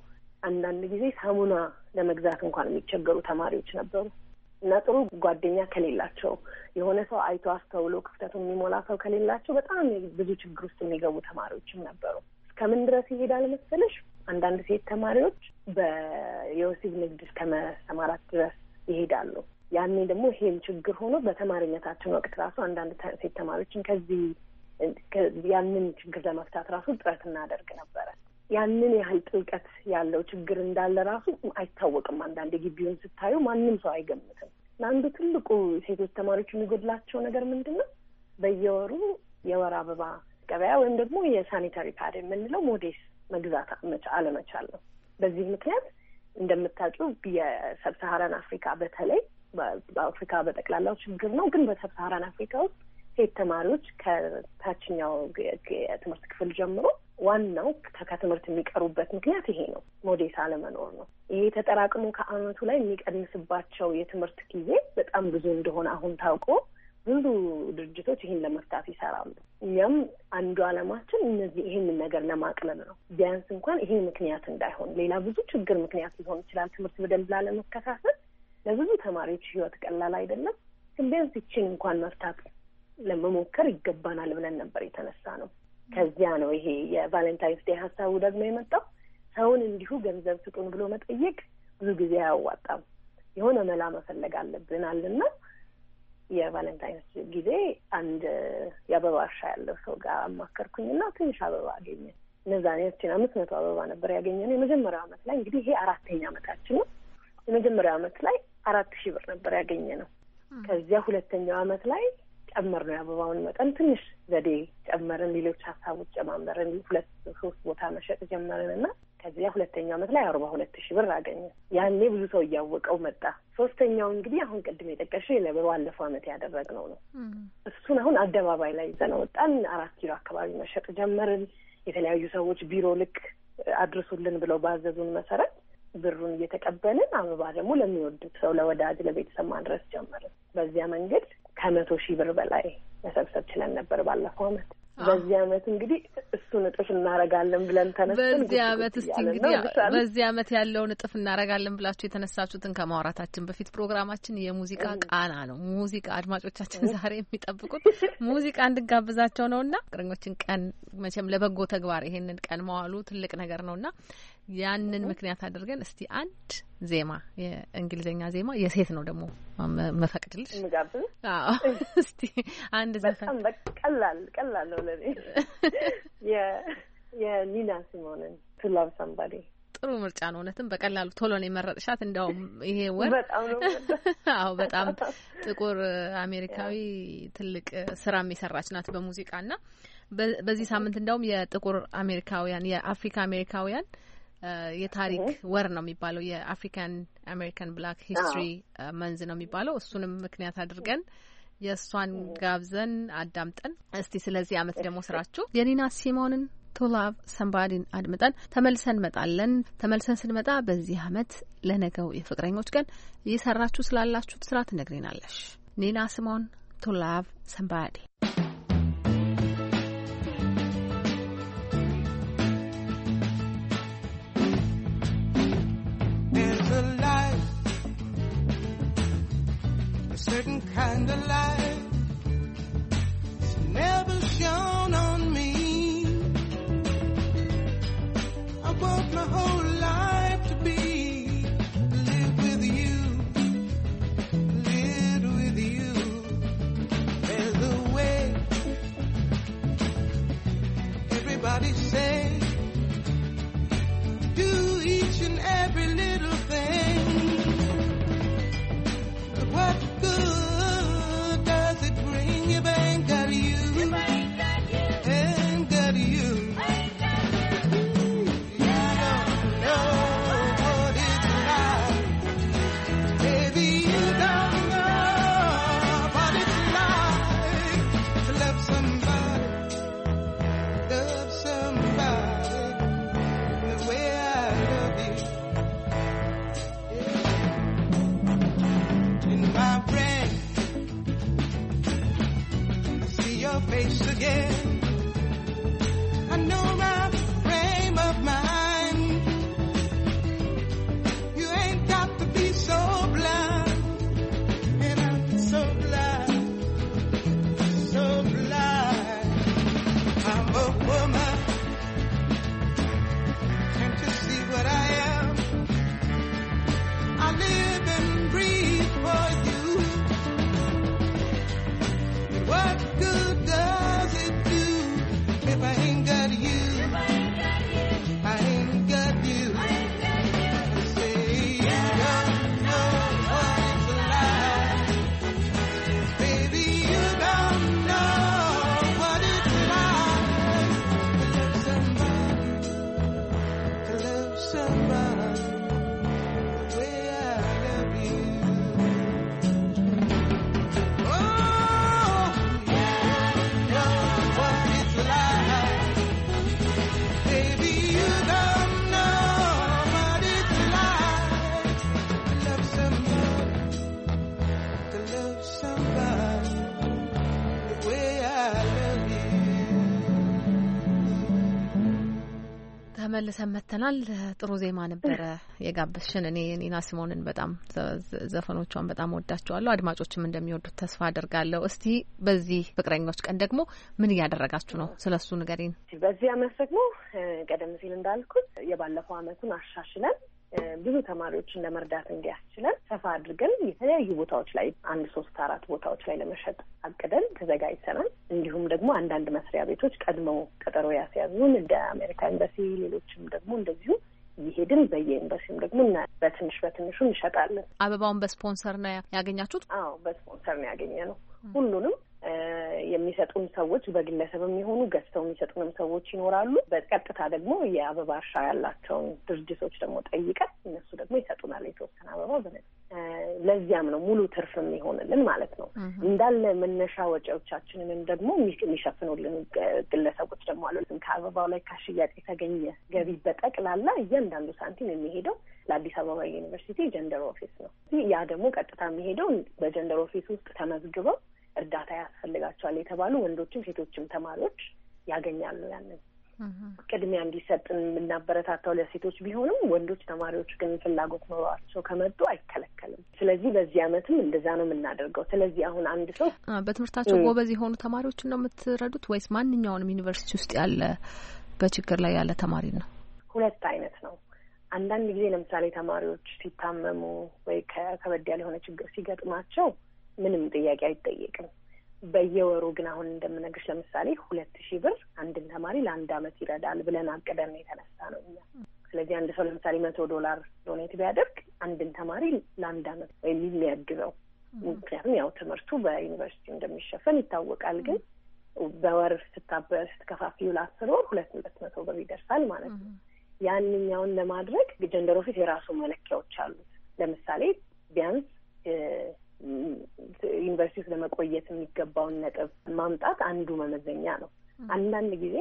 አንዳንድ ጊዜ ሳሙና ለመግዛት እንኳን የሚቸገሩ ተማሪዎች ነበሩ። እና ጥሩ ጓደኛ ከሌላቸው የሆነ ሰው አይቶ አስተውሎ ክፍተቱን የሚሞላ ሰው ከሌላቸው በጣም ብዙ ችግር ውስጥ የሚገቡ ተማሪዎችም ነበሩ። እስከምን ድረስ ይሄዳል መሰለሽ? አንዳንድ ሴት ተማሪዎች በየወሲብ ንግድ እስከመስተማራት ድረስ ይሄዳሉ። ያኔ ደግሞ ይሄም ችግር ሆኖ በተማሪነታችን ወቅት ራሱ አንዳንድ ሴት ተማሪዎችን ከዚህ ያንን ችግር ለመፍታት ራሱ ጥረት እናደርግ ነበረ። ያንን ያህል ጥልቀት ያለው ችግር እንዳለ ራሱ አይታወቅም። አንዳንድ ግቢውን ስታዩ ማንም ሰው አይገምትም። ለአንዱ ትልቁ ሴቶች ተማሪዎች የሚጎድላቸው ነገር ምንድን ነው? በየወሩ የወር አበባ ገበያ ወይም ደግሞ የሳኒታሪ ፓድ የምንለው ሞዴስ መግዛት አለመቻል ነው። በዚህ ምክንያት እንደምታጩ የሰብሳሃራን አፍሪካ በተለይ በአፍሪካ በጠቅላላው ችግር ነው። ግን በሰብሳሃራን አፍሪካ ውስጥ ሴት ተማሪዎች ከታችኛው የትምህርት ክፍል ጀምሮ ዋናው ከትምህርት የሚቀሩበት ምክንያት ይሄ ነው። ሞዴስ አለመኖር ነው። ይሄ ተጠራቅሞ ከአመቱ ላይ የሚቀንስባቸው የትምህርት ጊዜ በጣም ብዙ እንደሆነ አሁን ታውቆ ብዙ ድርጅቶች ይህን ለመፍታት ይሰራሉ። እኛም አንዱ አለማችን እነዚህ ይህንን ነገር ለማቅለል ነው። ቢያንስ እንኳን ይሄ ምክንያት እንዳይሆን፣ ሌላ ብዙ ችግር ምክንያት ሊሆን ይችላል። ትምህርት በደንብ ላለመከታተል ለብዙ ተማሪዎች ህይወት ቀላል አይደለም። ግን ቢያንስ ይችን እንኳን መፍታት ለመሞከር ይገባናል ብለን ነበር የተነሳ ነው። ከዚያ ነው ይሄ የቫለንታይንስ ዴይ ሀሳቡ ደግሞ የመጣው። ሰውን እንዲሁ ገንዘብ ስጡን ብሎ መጠየቅ ብዙ ጊዜ አያዋጣም፣ የሆነ መላ መፈለግ አለብናል እና የቫለንታይንስ ጊዜ አንድ የአበባ እርሻ ያለው ሰው ጋር አማከርኩኝና ትንሽ አበባ አገኘ። እነዛኔዎችን አምስት መቶ አበባ ነበር ያገኘነው። የመጀመሪያው አመት ላይ እንግዲህ ይሄ አራተኛ አመታችን ነው። የመጀመሪያው አመት ላይ አራት ሺህ ብር ነበር ያገኘ ነው። ከዚያ ሁለተኛው አመት ላይ ጨመር ነው የአበባውን መጠን ትንሽ ዘዴ ጨመርን፣ ሌሎች ሀሳቦች ጨማመርን፣ ሁለት ሶስት ቦታ መሸጥ ጀመርን እና ከዚያ ሁለተኛው ዓመት ላይ አርባ ሁለት ሺ ብር አገኘ። ያኔ ብዙ ሰው እያወቀው መጣ። ሶስተኛው እንግዲህ አሁን ቅድም የጠቀሽ ባለፈው አመት ያደረግነው ነው። እሱን አሁን አደባባይ ላይ ይዘነው ወጣን። አራት ኪሎ አካባቢ መሸጥ ጀመርን። የተለያዩ ሰዎች ቢሮ ልክ አድርሱልን ብለው ባዘዙን መሰረት ብሩን እየተቀበልን አበባ ደግሞ ለሚወዱት ሰው ለወዳጅ፣ ለቤተሰብ ማድረስ ጀመርን። በዚያ መንገድ ከመቶ ሺህ ብር በላይ መሰብሰብ ችለን ነበር ባለፈው አመት። በዚህ አመት እንግዲህ እሱን እጥፍ እናረጋለን ብለን ተነስተን በዚህ አመት እስቲ እንግዲህ በዚህ አመት ያለውን እጥፍ እናረጋለን ብላችሁ የተነሳችሁትን ከማውራታችን በፊት ፕሮግራማችን የሙዚቃ ቃና ነው። ሙዚቃ አድማጮቻችን ዛሬ የሚጠብቁት ሙዚቃ እንድጋብዛቸው እና ቅርኞችን ቀን መቼም ለበጎ ተግባር ይሄንን ቀን መዋሉ ትልቅ ነገር እና ያንን ምክንያት አድርገን እስቲ አንድ ዜማ የእንግሊዝኛ ዜማ የሴት ነው ደግሞ መፈቅድልሽ እስቲ አንድ ዘፈን ቀላል ቀላል ነው ለኔ የኒና ሲሞንን ቱ ላቭ ሳምባዲ ጥሩ ምርጫ ነው። እውነትም በቀላሉ ቶሎ ነው የመረጥሻት። እንዲያውም ይሄ ወር አዎ፣ በጣም ጥቁር አሜሪካዊ ትልቅ ስራም የሰራች ናት በሙዚቃ እና በዚህ ሳምንት እንዲያውም የጥቁር አሜሪካውያን የአፍሪካ አሜሪካውያን የታሪክ ወር ነው የሚባለው የአፍሪካን አሜሪካን ብላክ ሂስትሪ መንዝ ነው የሚባለው። እሱንም ምክንያት አድርገን የእሷን ጋብዘን አዳምጠን እስቲ ስለዚህ አመት ደግሞ ስራችሁ የኒና ሲሞንን ቱ ላቭ ሰምባዲን አድምጠን ተመልሰን እንመጣለን። ተመልሰን ስንመጣ በዚህ አመት ለነገው የፍቅረኞች ቀን እየሰራችሁ ስላላችሁት ስራ ትነግሪናለሽ። ኒና ሲሞን ቱ ላቭ ሰምባዲ certain kind of light. It's never shone on me. I want my whole life to be live with you, live with you. There's a way. Everybody say, do each and every little. again. ተመልሰን መተናል። ጥሩ ዜማ ነበረ የጋበሽን። እኔ ኒና ሲሞንን በጣም ዘፈኖቿን በጣም ወዳቸዋለሁ። አድማጮችም እንደሚወዱት ተስፋ አድርጋለሁ። እስቲ በዚህ ፍቅረኞች ቀን ደግሞ ምን እያደረጋችሁ ነው? ስለ እሱ ንገሪን። በዚህ አመት ደግሞ ቀደም ሲል እንዳልኩት የባለፈው አመቱን አሻሽለን ብዙ ተማሪዎችን ለመርዳት እንዲያስችለን ሰፋ አድርገን የተለያዩ ቦታዎች ላይ አንድ ሶስት አራት ቦታዎች ላይ ለመሸጥ አቅደን ተዘጋጅተናል። እንዲሁም ደግሞ አንዳንድ መስሪያ ቤቶች ቀድመው ቀጠሮ ያስያዙን እንደ አሜሪካ ኤምባሲ፣ ሌሎችም ደግሞ እንደዚሁ ይሄድን በየኤምባሲውም ደግሞ በትንሽ በትንሹ እንሸጣለን። አበባውን በስፖንሰር ነው ያገኛችሁት? አዎ በስፖንሰር ነው ያገኘ ነው። ሁሉንም የሚሰጡን ሰዎች በግለሰብ የሚሆኑ ገዝተው የሚሰጡንም ሰዎች ይኖራሉ። በቀጥታ ደግሞ የአበባ እርሻ ያላቸውን ድርጅቶች ደግሞ ጠይቀን እነሱ ደግሞ ይሰጡናል የተወሰነ አበባ በነ ለዚያም ነው ሙሉ ትርፍ የሚሆንልን ማለት ነው። እንዳለ መነሻ ወጪዎቻችንንም ደግሞ የሚሸፍኑልን ግለሰቦች ደግሞ አሉ። ከአበባው ላይ ከሽያጭ የተገኘ ገቢ በጠቅላላ እያንዳንዱ ሳንቲም የሚሄደው ለአዲስ አበባ ዩኒቨርሲቲ ጀንደር ኦፊስ ነው። ያ ደግሞ ቀጥታ የሚሄደው በጀንደር ኦፊስ ውስጥ ተመዝግበው እርዳታ ያስፈልጋቸዋል የተባሉ ወንዶችም ሴቶችም ተማሪዎች ያገኛሉ። ያንን ቅድሚያ እንዲሰጥን የምናበረታታው ለሴቶች ቢሆንም ወንዶች ተማሪዎች ግን ፍላጎት ኖሯቸው ከመጡ አይከለከልም። ስለዚህ በዚህ አመትም እንደዛ ነው የምናደርገው። ስለዚህ አሁን አንድ ሰው በትምህርታቸው ጎበዝ የሆኑ ተማሪዎችን ነው የምትረዱት ወይስ ማንኛውንም ዩኒቨርሲቲ ውስጥ ያለ በችግር ላይ ያለ ተማሪ ነው? ሁለት አይነት ነው። አንዳንድ ጊዜ ለምሳሌ ተማሪዎች ሲታመሙ ወይ ከበድ ያለ የሆነ ችግር ሲገጥማቸው ምንም ጥያቄ አይጠየቅም። በየወሩ ግን አሁን እንደምነግርሽ ለምሳሌ ሁለት ሺህ ብር አንድን ተማሪ ለአንድ አመት ይረዳል ብለን አቅደን የተነሳ ነው እኛ። ስለዚህ አንድ ሰው ለምሳሌ መቶ ዶላር ዶኔት ቢያደርግ አንድን ተማሪ ለአንድ አመት ወይም የሚያግዘው ምክንያቱም ያው ትምህርቱ በዩኒቨርሲቲ እንደሚሸፈን ይታወቃል። ግን በወር ስታበ ስትከፋፍዩ ለአስር ወር ሁለት ሁለት መቶ ብር ይደርሳል ማለት ነው። ያንኛውን ለማድረግ ጀንደር ኦፊስ የራሱ መለኪያዎች አሉት። ለምሳሌ ቢያንስ ዩኒቨርሲቲ ውስጥ ለመቆየት የሚገባውን ነጥብ ማምጣት አንዱ መመዘኛ ነው። አንዳንድ ጊዜ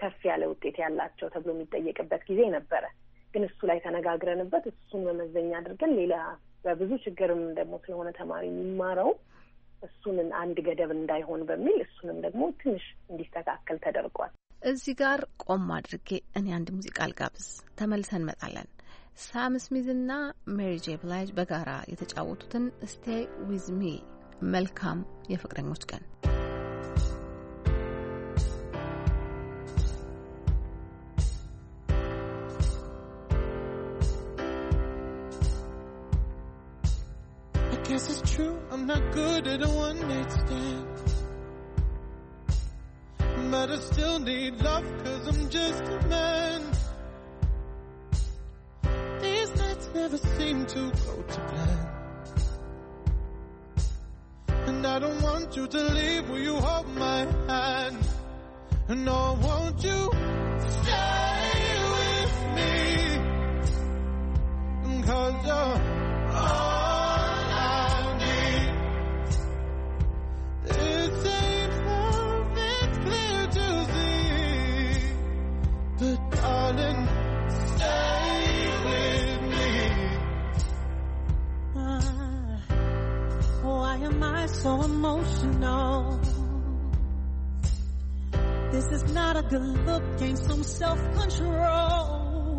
ከፍ ያለ ውጤት ያላቸው ተብሎ የሚጠየቅበት ጊዜ ነበረ። ግን እሱ ላይ ተነጋግረንበት እሱን መመዘኛ አድርገን ሌላ በብዙ ችግርም ደግሞ ስለሆነ ተማሪ የሚማረው እሱንን አንድ ገደብ እንዳይሆን በሚል እሱንም ደግሞ ትንሽ እንዲስተካከል ተደርጓል። እዚህ ጋር ቆም አድርጌ እኔ አንድ ሙዚቃ ልጋብዝ፣ ተመልሰን እንመጣለን። ሳም ስሚዝ ሜሪ ጄ ብላጅ በጋራ የተጫወቱትን ስቴይ ዊዝ ሚ መልካም የፍቅረኞች ቀን still need love cause I'm just a man never seem to go to plan. And I don't want you to leave, will you hold my hand? And no, won't you stay with me? Cause you're all am I so emotional? This is not a good look, gain some self-control.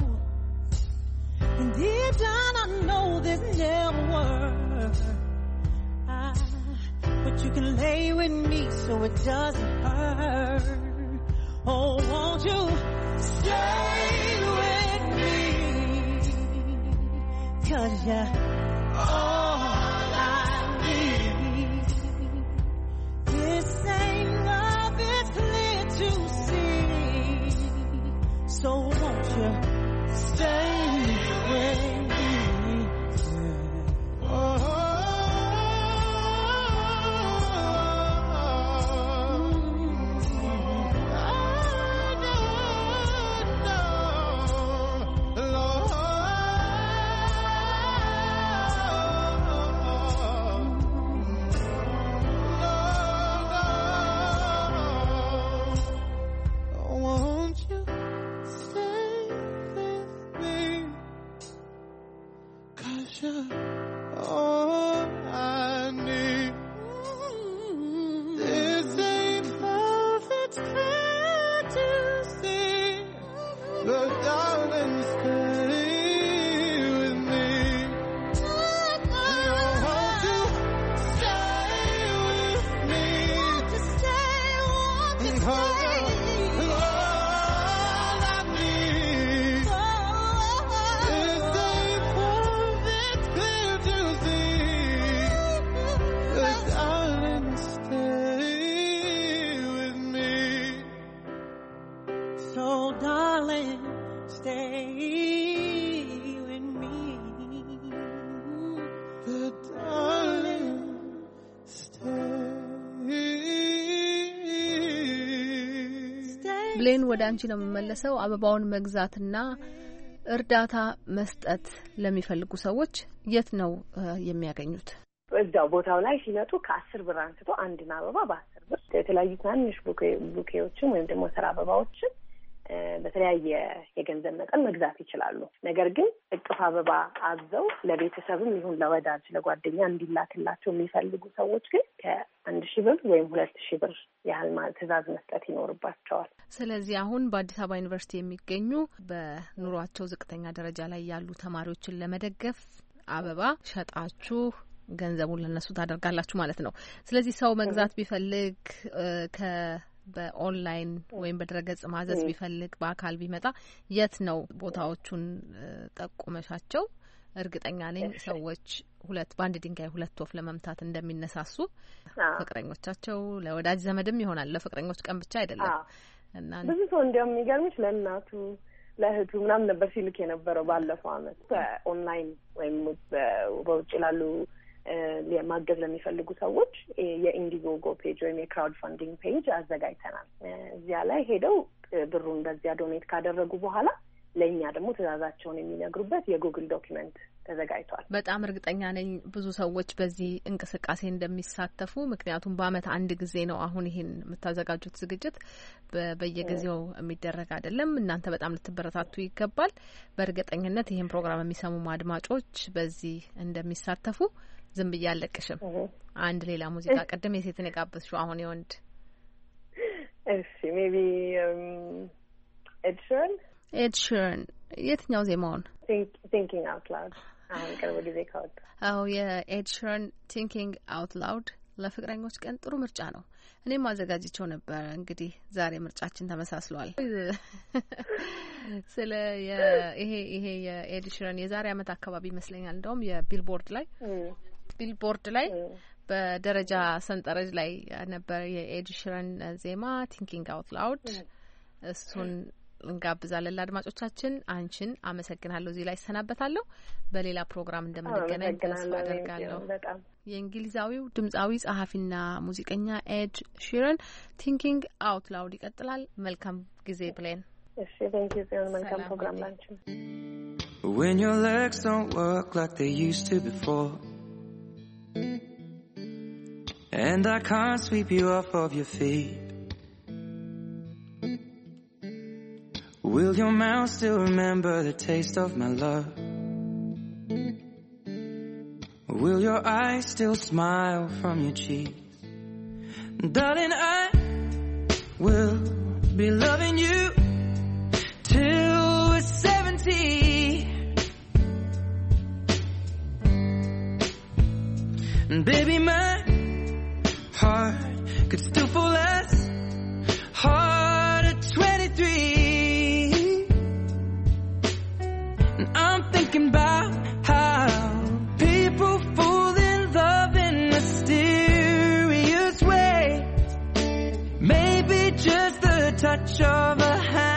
And deep down I know this never works. but you can lay with me so it doesn't hurt. Oh, won't you stay with me? Cause you're oh. all the same ወደ አንቺ ነው የምመለሰው። አበባውን መግዛትና እርዳታ መስጠት ለሚፈልጉ ሰዎች የት ነው የሚያገኙት? እዛው ቦታው ላይ ሲመጡ ከአስር ብር አንስቶ አንድን አበባ በአስር ብር የተለያዩ ትናንሽ ቡኬዎችን ወይም ደግሞ ስራ አበባዎችን በተለያየ የገንዘብ መጠን መግዛት ይችላሉ። ነገር ግን እቅፍ አበባ አዘው ለቤተሰብም ይሁን ለወዳጅ ለጓደኛ እንዲላክላቸው የሚፈልጉ ሰዎች ግን ከአንድ ሺህ ብር ወይም ሁለት ሺህ ብር ያህል ትዕዛዝ መስጠት ይኖርባቸዋል። ስለዚህ አሁን በአዲስ አበባ ዩኒቨርሲቲ የሚገኙ በኑሯቸው ዝቅተኛ ደረጃ ላይ ያሉ ተማሪዎችን ለመደገፍ አበባ ሸጣችሁ ገንዘቡን ለነሱ ታደርጋላችሁ ማለት ነው። ስለዚህ ሰው መግዛት ቢፈልግ በኦንላይን ወይም በድረገጽ ማዘዝ ቢፈልግ በአካል ቢመጣ የት ነው ቦታዎቹን ጠቁመሻቸው? እርግጠኛ ነኝ ሰዎች ሁለት በአንድ ድንጋይ ሁለት ወፍ ለመምታት እንደሚነሳሱ ፍቅረኞቻቸው፣ ለወዳጅ ዘመድም ይሆናል ለፍቅረኞች ቀን ብቻ አይደለም እና ብዙ ሰው እንዲያውም የሚገርምሽ ለእናቱ ለእህቱ ምናምን ነበር ሲልክ የነበረው ባለፈው አመት በኦንላይን ወይም በውጭ ላሉ ማገዝ ለሚፈልጉ ሰዎች የኢንዲጎጎ ፔጅ ወይም የክራውድ ፋንዲንግ ፔጅ አዘጋጅተናል። እዚያ ላይ ሄደው ብሩን በዚያ ዶኔት ካደረጉ በኋላ ለእኛ ደግሞ ትዕዛዛቸውን የሚነግሩበት የጉግል ዶኪመንት ተዘጋጅቷል። በጣም እርግጠኛ ነኝ ብዙ ሰዎች በዚህ እንቅስቃሴ እንደሚሳተፉ፣ ምክንያቱም በአመት አንድ ጊዜ ነው አሁን ይሄን የምታዘጋጁት ዝግጅት በየጊዜው የሚደረግ አይደለም። እናንተ በጣም ልትበረታቱ ይገባል። በእርግጠኝነት ይህን ፕሮግራም የሚሰሙ አድማጮች በዚህ እንደሚሳተፉ ዝም ብዬ አለቅሽም። አንድ ሌላ ሙዚቃ ቅድም የሴትን የጋበዝሽው አሁን የወንድ እሺ፣ ሜቢ ኤድሽርን ኤድሽርን የትኛው ዜማውን ቲንኪንግ አውት ላውድ አሁን ቅርብ ጊዜ ካወጣ አዎ የኤድሽርን ቲንኪንግ አውት ላውድ ለፍቅረኞች ቀን ጥሩ ምርጫ ነው። እኔም አዘጋጅቸው ነበር። እንግዲህ ዛሬ ምርጫችን ተመሳስሏል። ስለ ይሄ ይሄ የኤድሽረን የዛሬ አመት አካባቢ ይመስለኛል እንደውም የቢልቦርድ ላይ ቢልቦርድ ላይ በደረጃ ሰንጠረዥ ላይ ነበር የኤድ ሽረን ዜማ ቲንኪንግ አውት ላውድ። እሱን እንጋብዛለን ለአድማጮቻችን። አንቺን አመሰግናለሁ። እዚህ ላይ ይሰናበታለሁ። በሌላ ፕሮግራም እንደምንገናኝ ተስፋ አደርጋለሁ። የእንግሊዛዊው ድምፃዊ ጸሐፊና ሙዚቀኛ ኤድ ሽረን ቲንኪንግ አውት ላውድ ይቀጥላል። መልካም ጊዜ ብሌን። መልካም ፕሮግራም ላንቺ። When your legs don't work like they used to before And I can't sweep you off of your feet. Will your mouth still remember the taste of my love? Will your eyes still smile from your cheeks? Darling, I will be loving you till we're 70. And baby, my heart could still fall as hard at 23. And I'm thinking about how people fall in love in mysterious ways. Maybe just the touch of a hand.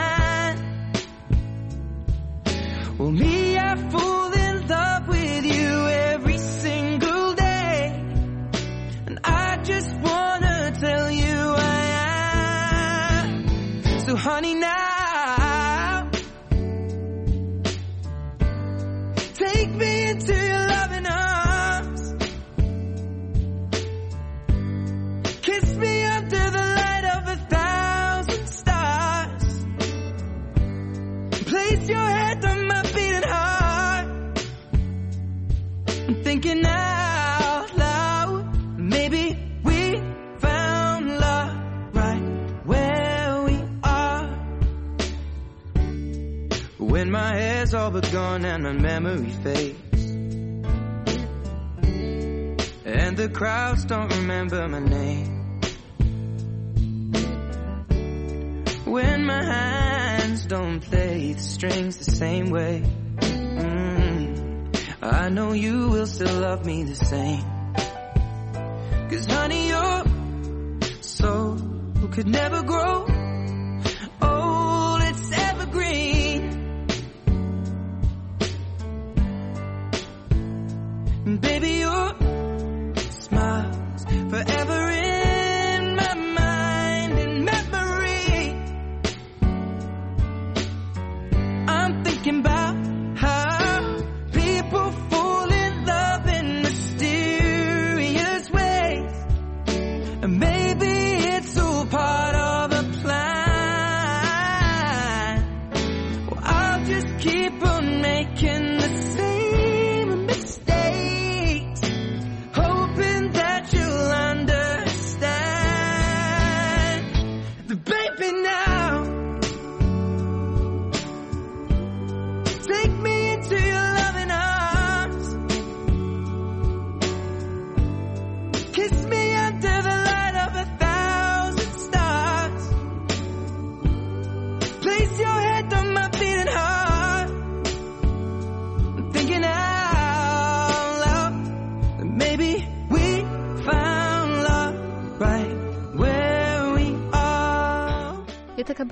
thinking out loud. Maybe we found love right where we are. When my hair's all but gone and my memory fades, and the crowds don't remember my name. When my hands don't play the strings the same way. I know you will still love me the same. Cause honey, your soul could never grow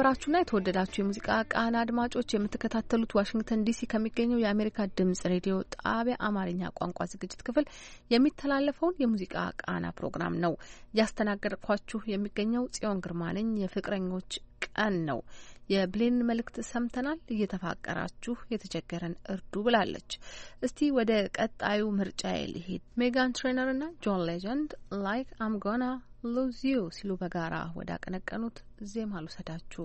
የተከበራችሁና የተወደዳችሁ የሙዚቃ ቃና አድማጮች የምትከታተሉት ዋሽንግተን ዲሲ ከሚገኘው የአሜሪካ ድምጽ ሬዲዮ ጣቢያ አማርኛ ቋንቋ ዝግጅት ክፍል የሚተላለፈውን የሙዚቃ ቃና ፕሮግራም ነው። እያስተናገድኳችሁ የሚገኘው ጽዮን ግርማ ነኝ። የፍቅረኞች ቀን ነው። የብሌን መልእክት ሰምተናል። እየተፋቀራችሁ የተቸገረን እርዱ ብላለች። እስቲ ወደ ቀጣዩ ምርጫ ልሂድ። ሜጋን ትሬነር እና ጆን ሌጀንድ ላይክ አም ጎና ሉዚዮ ሲሉ በጋራ ወዳቀነቀኑት ዜማ ልውሰዳችሁ።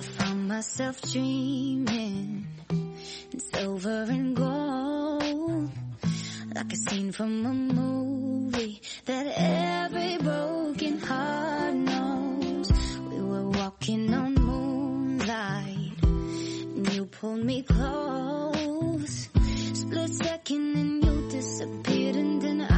I found myself dreaming in silver and gold, like a scene from a movie that every broken heart knows. We were walking on moonlight, and you pulled me close. Split second, and you disappeared, and then I.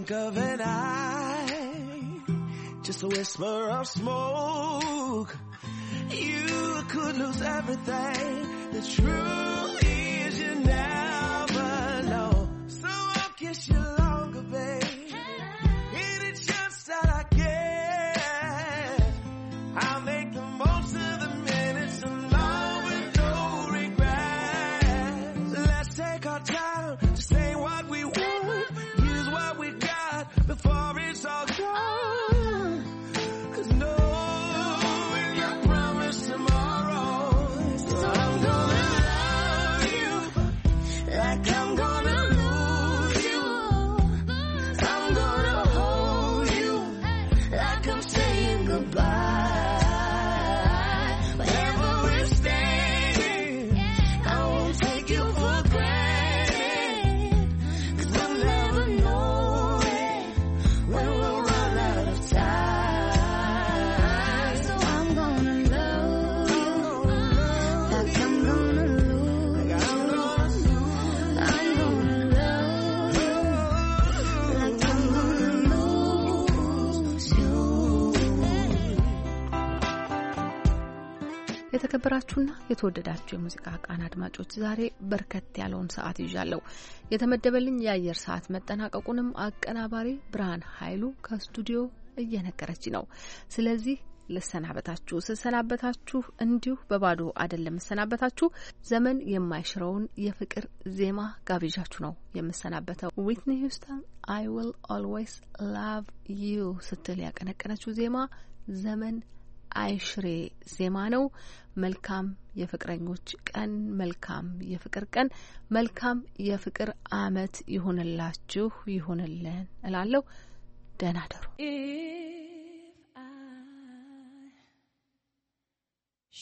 blink of an eye, just a whisper of smoke. You could lose everything. The truth. የተከበራችሁና የተወደዳችሁ የሙዚቃ ቃን አድማጮች ዛሬ በርከት ያለውን ሰዓት ይዣለሁ። የተመደበልኝ የአየር ሰዓት መጠናቀቁንም አቀናባሪ ብርሃን ኃይሉ ከስቱዲዮ እየነገረች ነው። ስለዚህ ልሰናበታችሁ። ስሰናበታችሁ እንዲሁ በባዶ አይደለም የምሰናበታችሁ። ዘመን የማይሽረውን የፍቅር ዜማ ጋብዣችሁ ነው የምሰናበተው። ዊትኒ ሂውስተን አይ ዊል ኦልዌይስ ላቭ ዩ ስትል ያቀነቀነችው ዜማ ዘመን አይሽሬ ዜማ ነው። መልካም የፍቅረኞች ቀን፣ መልካም የፍቅር ቀን፣ መልካም የፍቅር አመት ይሆንላችሁ ይሆንልን እላለሁ። ደህና ደሩ።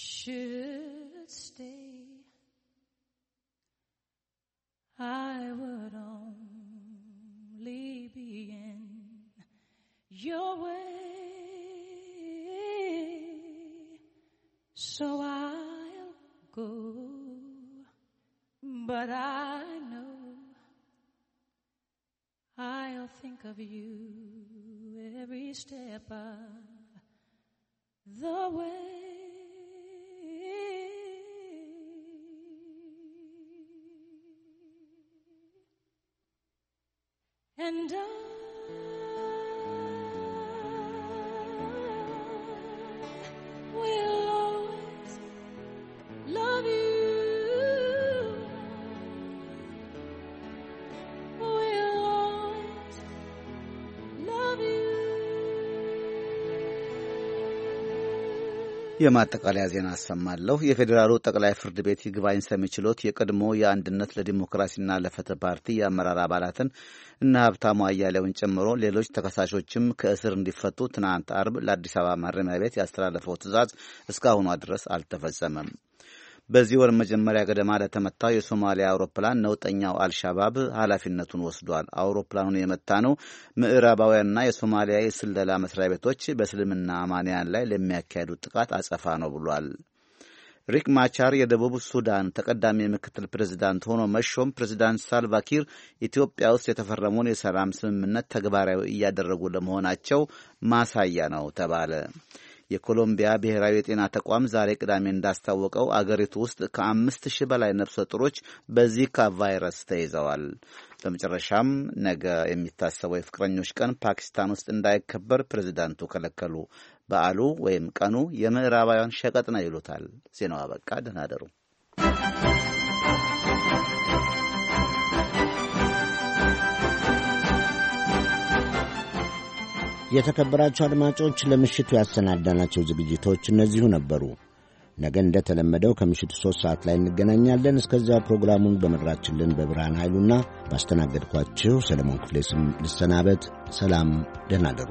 Should stay, I would only be in your way. So I'll go, but I know I'll think of you every step of the way. And I የማጠቃለያ ዜና አሰማለሁ። የፌዴራሉ ጠቅላይ ፍርድ ቤት ይግባኝ ሰሚ ችሎት የቀድሞ የአንድነት ለዲሞክራሲና ለፍትህ ፓርቲ የአመራር አባላትን እነ ሀብታሙ አያሌውን ጨምሮ ሌሎች ተከሳሾችም ከእስር እንዲፈቱ ትናንት አርብ ለአዲስ አበባ ማረሚያ ቤት ያስተላለፈው ትዕዛዝ እስካሁኗ ድረስ አልተፈጸመም። በዚህ ወር መጀመሪያ ገደማ ለተመታው የሶማሊያ አውሮፕላን ነውጠኛው አልሻባብ ኃላፊነቱን ወስዷል። አውሮፕላኑን የመታ ነው ምዕራባውያንና የሶማሊያ የስለላ መስሪያ ቤቶች በእስልምና አማንያን ላይ ለሚያካሄዱት ጥቃት አጸፋ ነው ብሏል። ሪክ ማቻር የደቡብ ሱዳን ተቀዳሚ ምክትል ፕሬዚዳንት ሆኖ መሾም ፕሬዚዳንት ሳልቫኪር ኢትዮጵያ ውስጥ የተፈረመውን የሰላም ስምምነት ተግባራዊ እያደረጉ ለመሆናቸው ማሳያ ነው ተባለ። የኮሎምቢያ ብሔራዊ የጤና ተቋም ዛሬ ቅዳሜ እንዳስታወቀው አገሪቱ ውስጥ ከአምስት ሺህ በላይ ነፍሰ ጡሮች በዚካ ቫይረስ ተይዘዋል። በመጨረሻም ነገ የሚታሰበው የፍቅረኞች ቀን ፓኪስታን ውስጥ እንዳይከበር ፕሬዚዳንቱ ከለከሉ። በዓሉ ወይም ቀኑ የምዕራባውያን ሸቀጥ ነው ይሉታል። ዜናው አበቃ። ደህና የተከበራቸው አድማጮች ለምሽቱ ያሰናዳናቸው ዝግጅቶች እነዚሁ ነበሩ። ነገ እንደተለመደው ከምሽቱ ሦስት ሰዓት ላይ እንገናኛለን። እስከዚያው ፕሮግራሙን በመድራችልን በብርሃን ኃይሉና ባስተናገድኳችሁ ሰለሞን ክፍሌ ስም ልሰናበት። ሰላም፣ ደህና አደሩ።